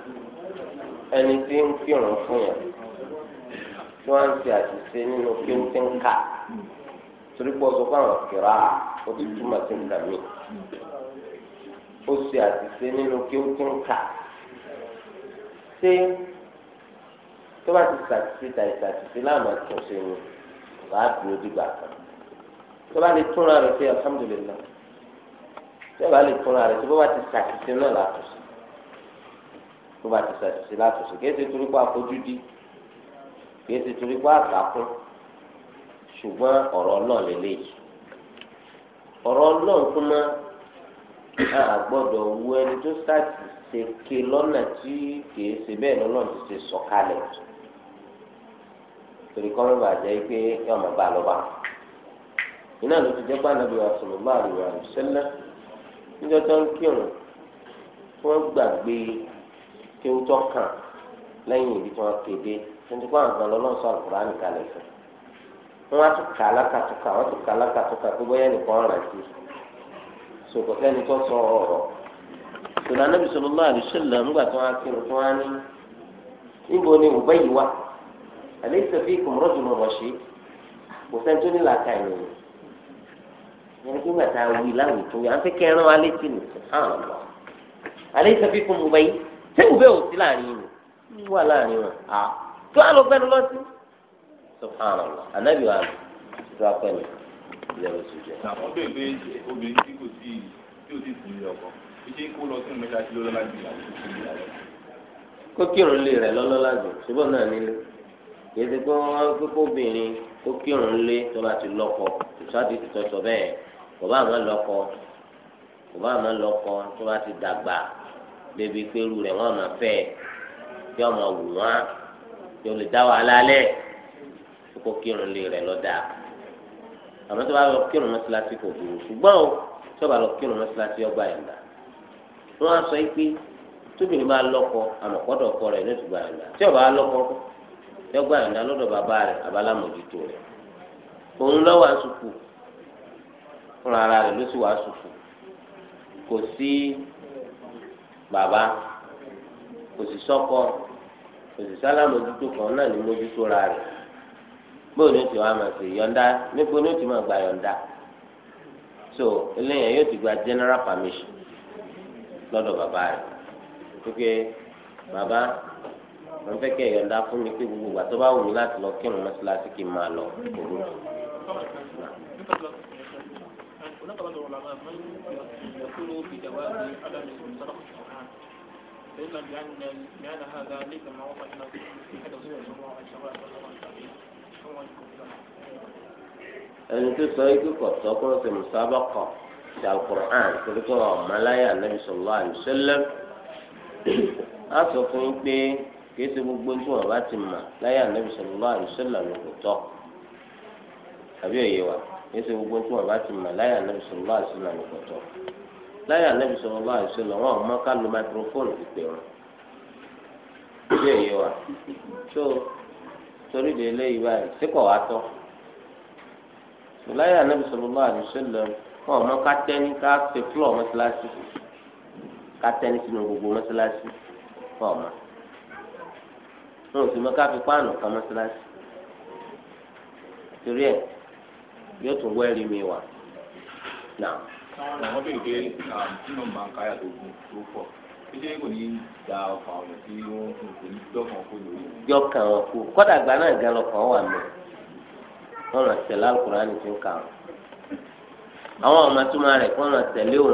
ẹni tí ń kírun fún yàn tí wọ́n ń ṣe àṣìṣe nínú kí ń ti ń kà torí pé ọsọ fáwọn kìrá ó ti túmọ̀ sí ń dàmí ó ṣe àṣìṣe nínú kí ń ti ń kà ṣé tó bá ti ṣàṣìṣe tàì ṣàṣìṣe láàmú àtúnṣe ni wàá dúró dìgbà kan tó bá lè túnra rẹ̀ sí alhamdulilayi tó bá lè túnra rẹ̀ sí bó bá ti ṣàṣìṣe náà látúnṣe tó bá ti ṣàṣìṣe látúnṣe kìí ṣe torí pé àfojúdi kìí ṣe torí pé àkàkùn ṣùgbọ́n ọ̀rọ̀ náà lélẹ́yìí ọ̀rọ̀ náà tún mọ́ a gbọ́dọ̀ wu ẹni tó ṣàṣìṣe ké lọ́nà tí kìí ṣe bẹ́ẹ̀ lọ́nà ti ṣe sọ̀kalẹ̀ torí kọ́ mẹ́fà jẹ́ pé yọ̀ mọ́ bá lọ́ba iná ló ti jẹ́ pé ànábi wa sọ̀rọ̀ bá àríwá àrùsẹ́lẹ̀ níjọ́ tó ń kírun wọ́n gbàgbé kéwútọ́ kàn lẹ́yìn ibi tí wọ́n kéde tuntun kó àwọn ọ̀gbọ́n lọ́nà sọ àlùkùránì kalẹ̀ fún un wọ́n á tún kà á lákàtúkà wọ́n tún kà á lákàtúkà pé bóyá nìkan rà sí sòkò sẹ́ni tó sọ ọ̀rọ̀ sọlá nàbì sallallahu alaihi wasallam ńgbà tí wọ́n á kírun tí wọ́n á ní níbo ni òbẹ́ yìí wà alaysa fikum rajulun rashid kò sẹ́ni tó ní làákà ìrìn yẹn kí ńgbà tá a wí láwùjọ yà ṣé ìwé ò sí láàrin yìí ni wà láàrin wọn à tó a lọ gbẹnu lọ sí. subhanallah anabi wa tó a pẹ̀lú ilé rẹ sùn jẹ. àwọn bẹ́ẹ̀ bẹ́ẹ̀ obìnrin tí kò sí tí ò sí sùn ní ọkọ ṣé kó lọ sínú mẹ́ta sí lọ́lọ́lá jù àwọn tó kún ìyàwó. kó kírun lé rẹ lọ́lọ́lá jù ṣùgbọ́n náà nílé kì ṣe pé wọ́n pé kóbìnrin kó kírun lé tó bá ti lọ́kọ ìṣáàtì ti tọ́tọ̀ bẹ́ẹ̀ kò àmọ́ lọ́kọ kò àmọ́ lọ́kọ tó bá ti dàgbà débi pé irú rẹ̀ wọ́n máa fẹ́ yọ ọmọ wù wọ́n yóò lè dá wàhálà lẹ̀ kókó kírun lè rẹ̀ lọ́dà àmọ́ tó bá lọ kírun mọ́sálásí kò burú ṣùgbọ́n o tó bá lọ kírun mọ́sálásí ọgbà ẹ̀dá wọ́n á sọ pé tóbìnrin máa lọ́kọ àmọ̀kọ́dọ̀ ọkọ rẹ̀ ní ìtùgbà ẹ̀dá tí ọba lọ́kọ yọgbà ẹ̀dá lọ́dọ̀ bàbá rẹ̀ àbálámọ̀jútó rẹ̀ òun lọ́wọ́ àsùkù fúnra rẹ̀ ló sì wà àsùkù kò sí bàbá kò sì sọ́kọ kò sì sálàmójútó kan náà ní mójútó ra rẹ̀ bóyá ní o ti wá máa ṣe yọ̀ǹda níbo ní o ti máa gba yọ̀ǹda so eléyàn yóò ti gba general permission lọ́dọ̀ bàbá rẹ̀ wípé baba wọn fẹ́ kẹ́ yọ̀ǹda fún mi pé gbogbo ìgbà tó bá wù mí láti lọ kírun mọ́ṣáláṣí kí n máa lọ òru. هناك بعض من يقول بجواز عدم الصدقه فإن بأن بأن هذا ليس ما وقع إلى أحد صور الجمهور الشباب ẹni tó sọ ikú kọtọ kó ṣe musabakọ ṣe alukur'an torí kó wọn malaya anabi sọlá àlùsẹlẹ á sọ fún yín pé kì í ṣe gbogbo tí wọn bá ti mà láyà anabi sọlá àlùsẹlẹ ló kò tọ àbí òye wa kì ṣe gbogbo tí wọn bá ti mà láyà anabi sọlá àlùsẹlẹ ló kò tọ láyé ànábì sallallahu alaihi wasallam wọn àwọn ọmọká lo máikrófóònù pípé wọn bí èyí wa tó torí de eléyìí báyìí tí kò wá tọ́ láyé ànábì sallallahu alaihi wasallam wọn ọmọká tẹ́ni ká fi fúlọ̀ mọ́sálásí ká tẹ́ni sínú gbogbo mọ́sálásí fún ọmọ wọn ò sì mọ ká fi páànù kan mọ́sálásí torí ẹ yóò tún wẹ́ẹ̀rí mi wà náà. na wọ́n bèèrè pé nínú mọ̀nkáyà tó tó pọ̀ ṣíṣe kò ní da ọkọ̀ àwọn tí wọ́n kò ní dọ́kàn kó lórí. jọkàn wọn kọ́dà gba náà gan lọkàn wà mọ́ wọn tẹ̀lé alukurani tó kà ọnụ àwọn ọmọ tó máa rẹ̀ kó tẹ̀lé òun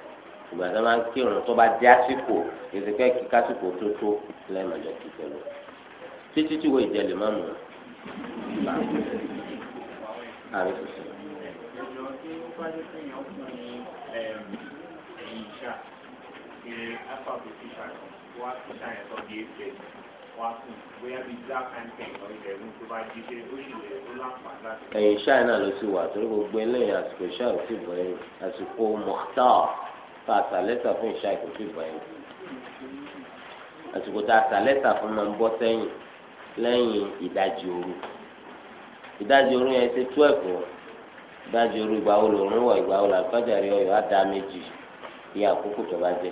ìgbà tó máa ń kírun tó bá dé àsìkò ìsìnkẹ́ kí kásìkò tó tó lẹ́ẹ̀mọ̀jọ kí pẹ̀lú títí tí wo ìjẹlẹ̀ máa mú un. ẹ̀yìn ṣáà náà ló ti wà torí gbogbo eléyìí àsìkò ṣáà ò fa àtàlẹ́sà fún ìṣá ìkòtò ìbáyìí àsìkò tá àtàlẹ́sà fún máa ń bọ́ sẹ́yìn lẹ́yìn ìdajì òru ìdajì òru yẹn ti twelve o ìdajì òru ìgbà wo lòrùn wọ̀ ìgbà wo làlùfáàjà rí ọyọ á da méjì bí àkókò tó bá jẹ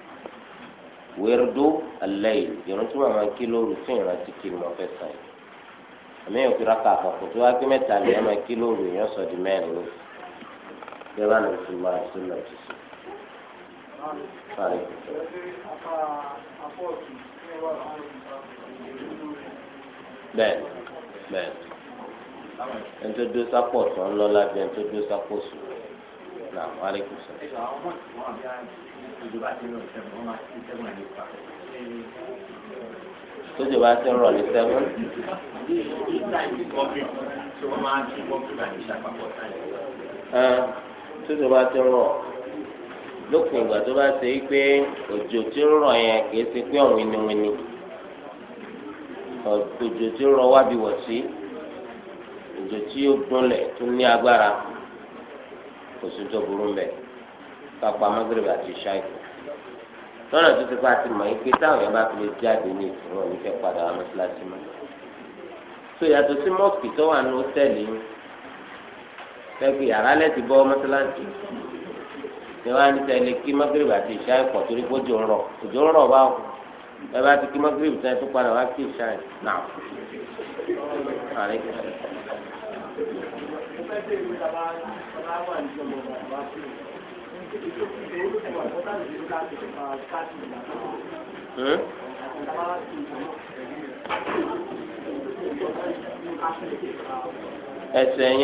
wẹ́rẹ́dó alẹ́yìn ìrún tí màmá kí lóru tí ìrántí kí lọ fẹ́ sàn yìí àmì ìkúra kà àkàkùn tó wá pé mẹ́ta lè máa kí lóru èèyàn sọ di mẹ́rin ló bí wọ́n á lè fi máa ṣe lọ jù sí. bẹ́ẹ̀ni bẹ́ẹ̀ni ẹni tó dó sápò tó ń lọ lábẹ́ ẹni tó dó sápò sùn tójú bá ti ń rọ̀ ní sẹ́wọ́n. tójú bá ti ń rọ̀ lópin ìgbà tó bá ṣe é pé òjò tí ń rọ̀ yẹn kìí ṣe pé ọ̀hún winiwini òjò tí ń rọ̀ wábi wọ̀ sí òjò tí ó gúnlẹ̀ tó ní agbára kò sí tó burú mbẹ́ kápá mọ́gírì àti ṣáìkù lọ́nà tó ti pa ti mọ̀ yín pé táwọn yẹn bá fi lè jáde ní ìfúnwọ́n ní fẹ́ padà wà mọ́sálásí mọ́. tó yàtọ̀ sí mọ́ọ̀kì tó wà ní hòtẹ́ẹ̀lì yín fẹ́ẹ́ yàrá lẹ́tì bọ́ mọ́sálásí ni wọ́n á ní tẹ́lẹ̀ kí mọ́gírì àti ṣáìkù torí pé òjò ń rọ̀ òjò ń rọ̀ báwo ẹ bá ti kí mọ́gírì tẹ́ tó padà wá kí ṣáìkù náà ẹsẹ̀ yín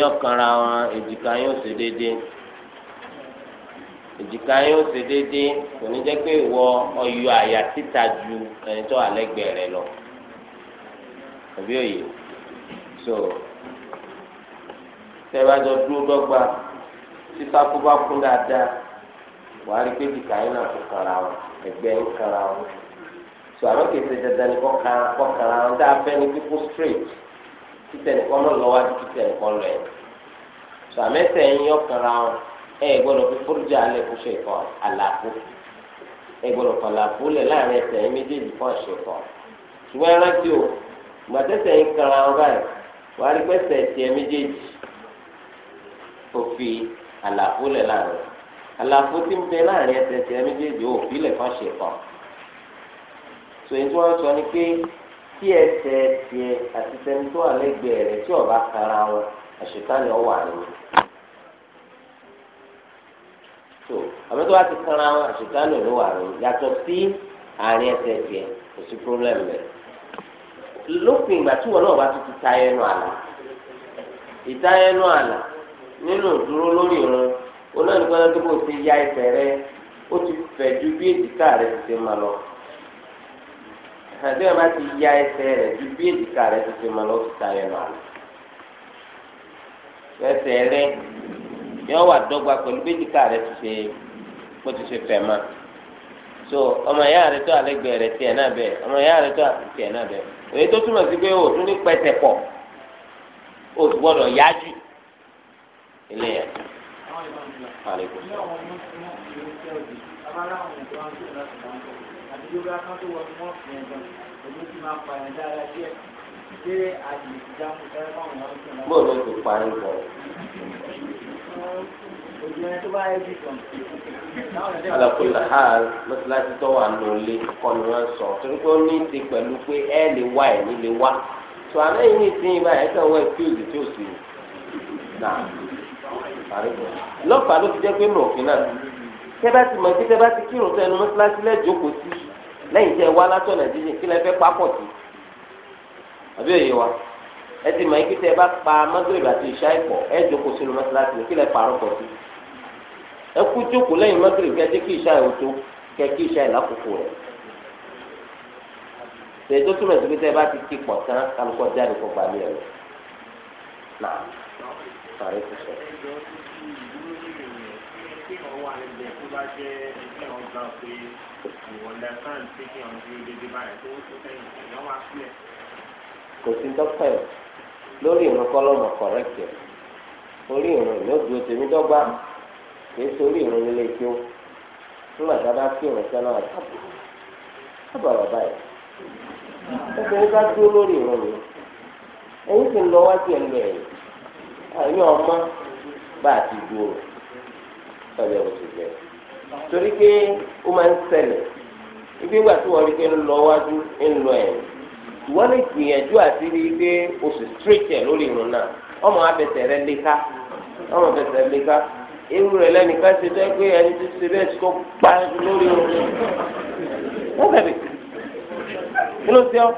ọ̀kanra wọn èjìká yín ó ṣe déédéé èjìká yín ó ṣe déédéé kò ní jẹ́ pé ìwọ ọyọ àyà títa ju ẹni tó wà lẹ́gbẹ̀ẹ́ rẹ lọ àbí òye so tẹ́ bá jọ dúró dọ́gba tí bá kún dáadáa wàá rí pé jìkà yín náà kò kàrà wọn ẹgbẹ́ ń kàrà wọn tó àwọn kèsè dandan ni kò kàrà kò kàrà wọn dáa fẹ́ ni pípó straight títẹ̀ nìkan mọ̀ lọ́wọ́ àti títẹ̀ nìkan lọ ẹ̀ tó àmẹ́sẹ̀ yín yọ kàrà wọn ẹ gbọ́dọ̀ fi fúrújà alẹ́ kó ṣe ìkọ́ àlàfo ẹ gbọ́dọ̀ kọ̀ àlàfo lẹ̀ láàrin ẹsẹ̀ yín méjèèjì kọ́ ṣe ìkọ́ ṣùgbọ́n ẹ rántí o kàrà wọn báyìí wàá rí pẹ́sẹ̀ méjèèjì kò fi àlàfo lẹ̀ láàrin àlàfo tí ń bẹ láàrin ẹsẹ̀ tẹ méjèèjì ò fílẹ̀ fún àṣepọ̀ tòyí tí wọ́n sọ ni pé tí ẹsẹ̀ tiẹ̀ àti tẹni tó wà lẹ́gbẹ̀ẹ́ rẹ̀ tí ọba kara wọn àṣetánì ọwọ́ àrùn tó àmì tó wà ti kara wọn àṣetánì ọwọ́ àrùn yàtọ̀ sí àárín ẹsẹ̀ tiẹ̀ kò sí pírọ́blẹ̀mù rẹ̀ lópin ìgbà tí wọn náà bá tún ti ta ẹnu àlà ìta ẹnu àlà nínú ìdúró lórí irun. olóyìn gbọ́dọ̀ tó ti ya ẹsẹ̀ rẹ ó ti fẹ̀ ju bí èjìká rẹ ti ṣe máa lọ àti ọba ti ya ẹsẹ̀ rẹ ju bí èjìká rẹ ti lọ ti ta rẹ lọ rẹ yọ wà bí rẹ ti ṣe ti ṣe so ọmọ ya rẹ tó àlẹgbẹ rẹ tiẹ̀ náà bẹ ọmọ ìyá rẹ tó tiẹ̀ náà bẹ tó túmọ̀ sí pé o tún ní o gbọ́dọ̀ yájú ilé yẹn. Àlejò. Bó ló ti parí bọ̀? Àlàkùnlé ha mọ́tíláṣí tó wà lórí kọ́ni wọ́n sọ. Torí pé ó ní ti pẹ̀lú pé ẹ lè wá ẹ̀ ní lè wá. Tùwálẹ́yìn ní ìsinyìí báyìí ẹ̀ka wọ́n ẹ̀ fíìlì tí ò sí. Nàá lọ́fà ló ti jẹ́ pé nù òfin náà tẹ́ bá ti mọ̀ pé tẹ́ bá ti kírun sẹ́nu mọ́sálásí lẹ́jọ́kọ̀ọ́ sí lẹ́yìn tẹ́ wá látọ̀nà jíjìn kí lẹ́ fẹ́ pápọ̀ sí àbí òye wa ẹ ti mọ̀ pé tẹ́ bá pa mọ́gìrì àti ìṣá ìpọ̀ ẹ jókòó sínú mọ́sálásí kí lẹ́ parọ́ pọ̀ sí ẹ kú jókòó lẹ́yìn mọ́gìrì kẹ́ẹ́ kí ìṣá ìwò tó kẹ́ẹ́ kí ìṣá ìlákòókò rẹ̀ tẹ̀ tó túmọ̀ sí pé tẹ́ bá ti kí pọ̀ tán kálukọ́ jáde rẹ̀ náà sàrẹ́ kò wà nílẹ̀ tó bá jẹ́ ẹgbẹ́ ọgbà pé ìwọ̀nda kan tí kí ọ̀n dúró dédé báyìí tó tó sẹ́yìn ìyá wá sílẹ̀. kò sí dọ́kítà lórí ìrún kọ́lọ́mù kọ̀rẹ́kì orí ìrún ní ojú tèmi dọ́gba kìí sórí ìrún nílé tó nígbà tá a bá kí ìrún sẹ́nà àtàbò àbàrà báyìí obìnrin bá dúró lórí ìrún mi ẹ̀yìn sì ń lọ wájú ẹ̀ lọ ẹ̀yìn àyìn ọmọ bá a ti dúró ọjọ́ bó ti jẹ́ torí pé ó máa ń ṣẹlẹ̀ ibi ìgbà tí wọ́n rí pé ń lọ wájú ń lọ ẹ̀ wọ́n lè gbìyànjú àti rí i pé oṣù straight ẹ̀ lórí irun náà ọmọ abẹsẹ̀ rẹ léka ọmọ abẹsẹ̀ rẹ léka ewu rẹ lẹ́nìkan ṣe fẹ́ pé ẹni tó ṣe bẹ́ẹ̀ tó pa lórí irun wọ́n bẹ̀rẹ̀ kí ló ṣe ọ́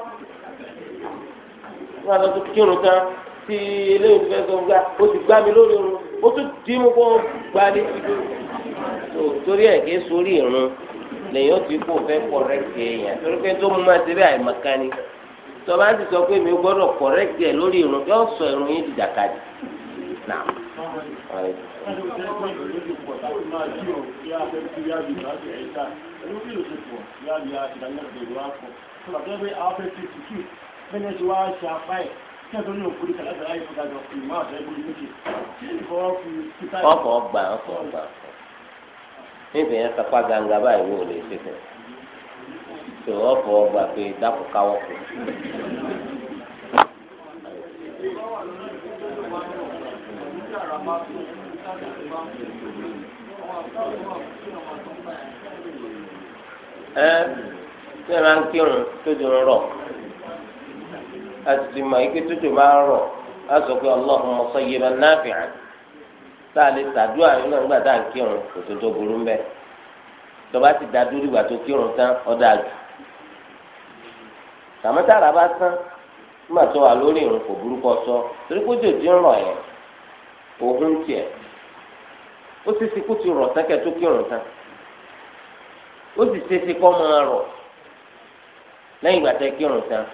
wọ́n á lọ tó kan tí eléyìí fẹ́ sọ gbá ó ti gbá mi lórí irun ó tún dì í mú kó gbadé tó torí ẹ̀ kí sórí ìrún lẹ́yìn ó ti kó fẹ́ kọ̀rẹ́kì èèyàn torí pé tó mú máa ṣe bí àìmọ̀kan ni tọ́ba ti sọ pé mi gbọ́dọ̀ kọ̀rẹ́kì ẹ̀ lórí ìrún yóò sọ ìrún yín di dàkadì náà. Bẹ́ẹ̀ni ti wá ṣe apá ẹ̀ ọkọ̀ ọgbà ọkọ̀ ọgbà níbi yẹn sapá ganga báyìí wò lè ṣe fún tó ọkọ̀ ọgbà pé dákò káwọ́ kù. ẹ ṣé máa ń kírun tó jọ rọ àti mọ̀ ike tójú máa ń rọ̀ á sọ pé Allahumma sayyiban nafi'an tá a lè tàdúrà nínú ìgbà tá à ń kírun kò tó tó burú mbẹ tọba ti dá dúró ìgbà tó kírun tán ọ̀dà jù tàmátàrà bá tán nígbà tó wà lórí ìrùn kò burú sọ torí kó jòjì ń rọ̀ yẹn òun tiẹ̀ ó sì ti kú ti rọ̀ tán tó kírun tán ó sì ṣe é kọ́ máa rọ̀ lẹ́yìn ìgbà tẹ́ kírun tán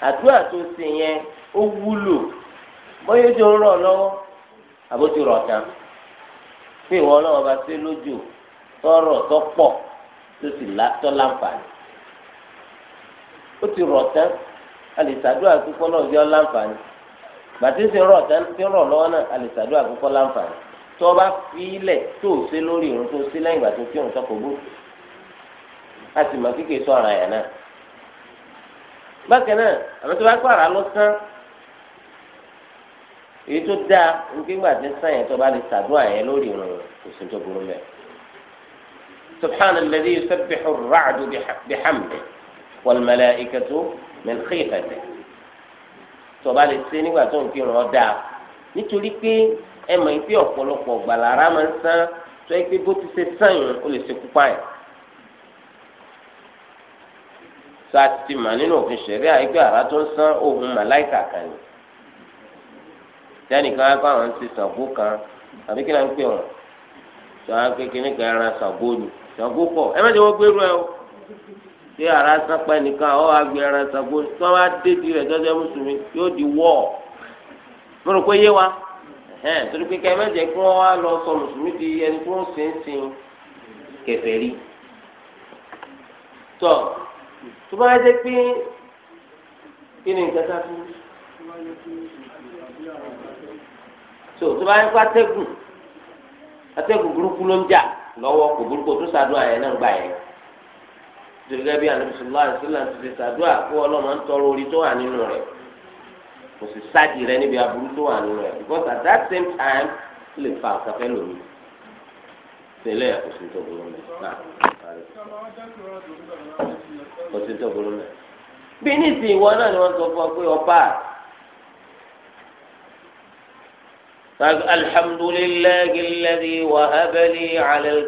àdúrà tó ṣe yẹn ó wúlò bóyá ojú ń rọ̀ lọ́wọ́ àbó ti rọ̀ tán pé ìwọ ọlọ́wọ́ bá ṣe lójú tọrọ tọpọ̀ tó sì tọ́ láǹfààní ó ti rọ̀ tán a lè ṣàdúrà púpọ̀ náà yọ láǹfààní gbàtí ń ṣe rọ̀ tán ti rọ̀ lọ́wọ́ náà a lè ṣàdúrà púpọ̀ láǹfààní tó bá filẹ̀ tó o ṣe lórí irun tó o ṣe lẹ́yìn ìgbà tó kí irun tó kò bó a sì mọ̀ kíkè sọ ara yẹn náà bákan náà àwọn tó bá kó ara lọ sán èyí tó dáa nígbà tí sàn yẹn tó bá lè sàdúrà yẹn lórí ìrùn kò sí tó burú mẹ. سبحان الذي يسبح الرعد بحمده والملائكة من خيفته tó bá lè ṣe nígbà tó ń fi ràn ọ́ dáa nítorí pé ẹ mọ̀ ìpè ọ̀pọ̀lọpọ̀ gbàlára máa ń sán tó yẹ pé bó ti ṣe sàn yẹn ó lè ṣe kú pààyàn. sọ àti nínú òfin ara àìgbé àrà tó ń ohun màláìkà kan ni tẹnìkan á àwọn ti Ṣàngó kan àbí kí náà ń pè wọ́n sọ àwọn kékeré kan ẹran Ṣàngó ni Ṣàngó pọ̀ ẹ má jẹ́ wọ́n gbérú ẹ o ṣé àrà sápá nìkan ọ̀ àgbẹ̀ ẹran Ṣàngó ti di wọ́ọ̀ mo rò pé yé wa ẹn torí pé jẹ kí wọn wá lọ sọ mùsùlùmí di ẹni tọ tó bá yẹ pé kí ni nǹkan tá a fún so tó bá yẹ kó atẹ́gùn atẹ́gùn burúkú ló ń jà lọ́wọ́ kò burúkú tó ṣàdúrà yẹn náà gbà yẹn gẹ́gẹ́ bí alùpùpù àìsílẹ̀ ti ti ṣàdúrà kó ọlọ́mọ ń tọrọ orí tó wà nínú rẹ̀ kò sì sáàdì rẹ níbi aburú tó wà nínú rẹ̀ because at that same time ó lè fa nǹkan fẹ́ tẹ́lẹ̀ kòsí tó burú mẹ náà kòsí tó burú mẹ. bí ní ti ìwọ náà ni wọn sọ fún ọ pé ọba alhamdulillahi alladhi wahaba li ala al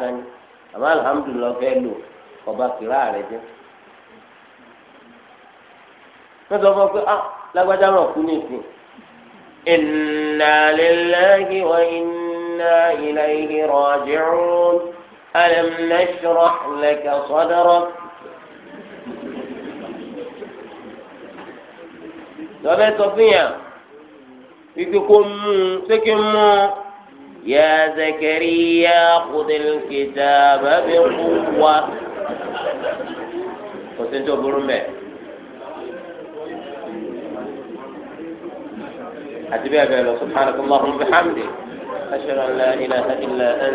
kan ní alhamdulilayi fẹ́ lò ọba kìlá rẹ jẹ wọn sọ fún ọ pé ah lágbájá náà kú ní ìsìn. إنا لله وإنا إليه راجعون ألم نشرح لك صدرك lọ́bẹ̀ sọ fún yà wípé kó mú un sékè mú un yà zẹ̀kẹ̀rì Zakariya khudil kitaba bi wa. kò sí ní tó burú mẹ́ẹ̀. حسبي يا سبحانك اللهم بحمدك أشهد أن لا إله إلا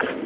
أنت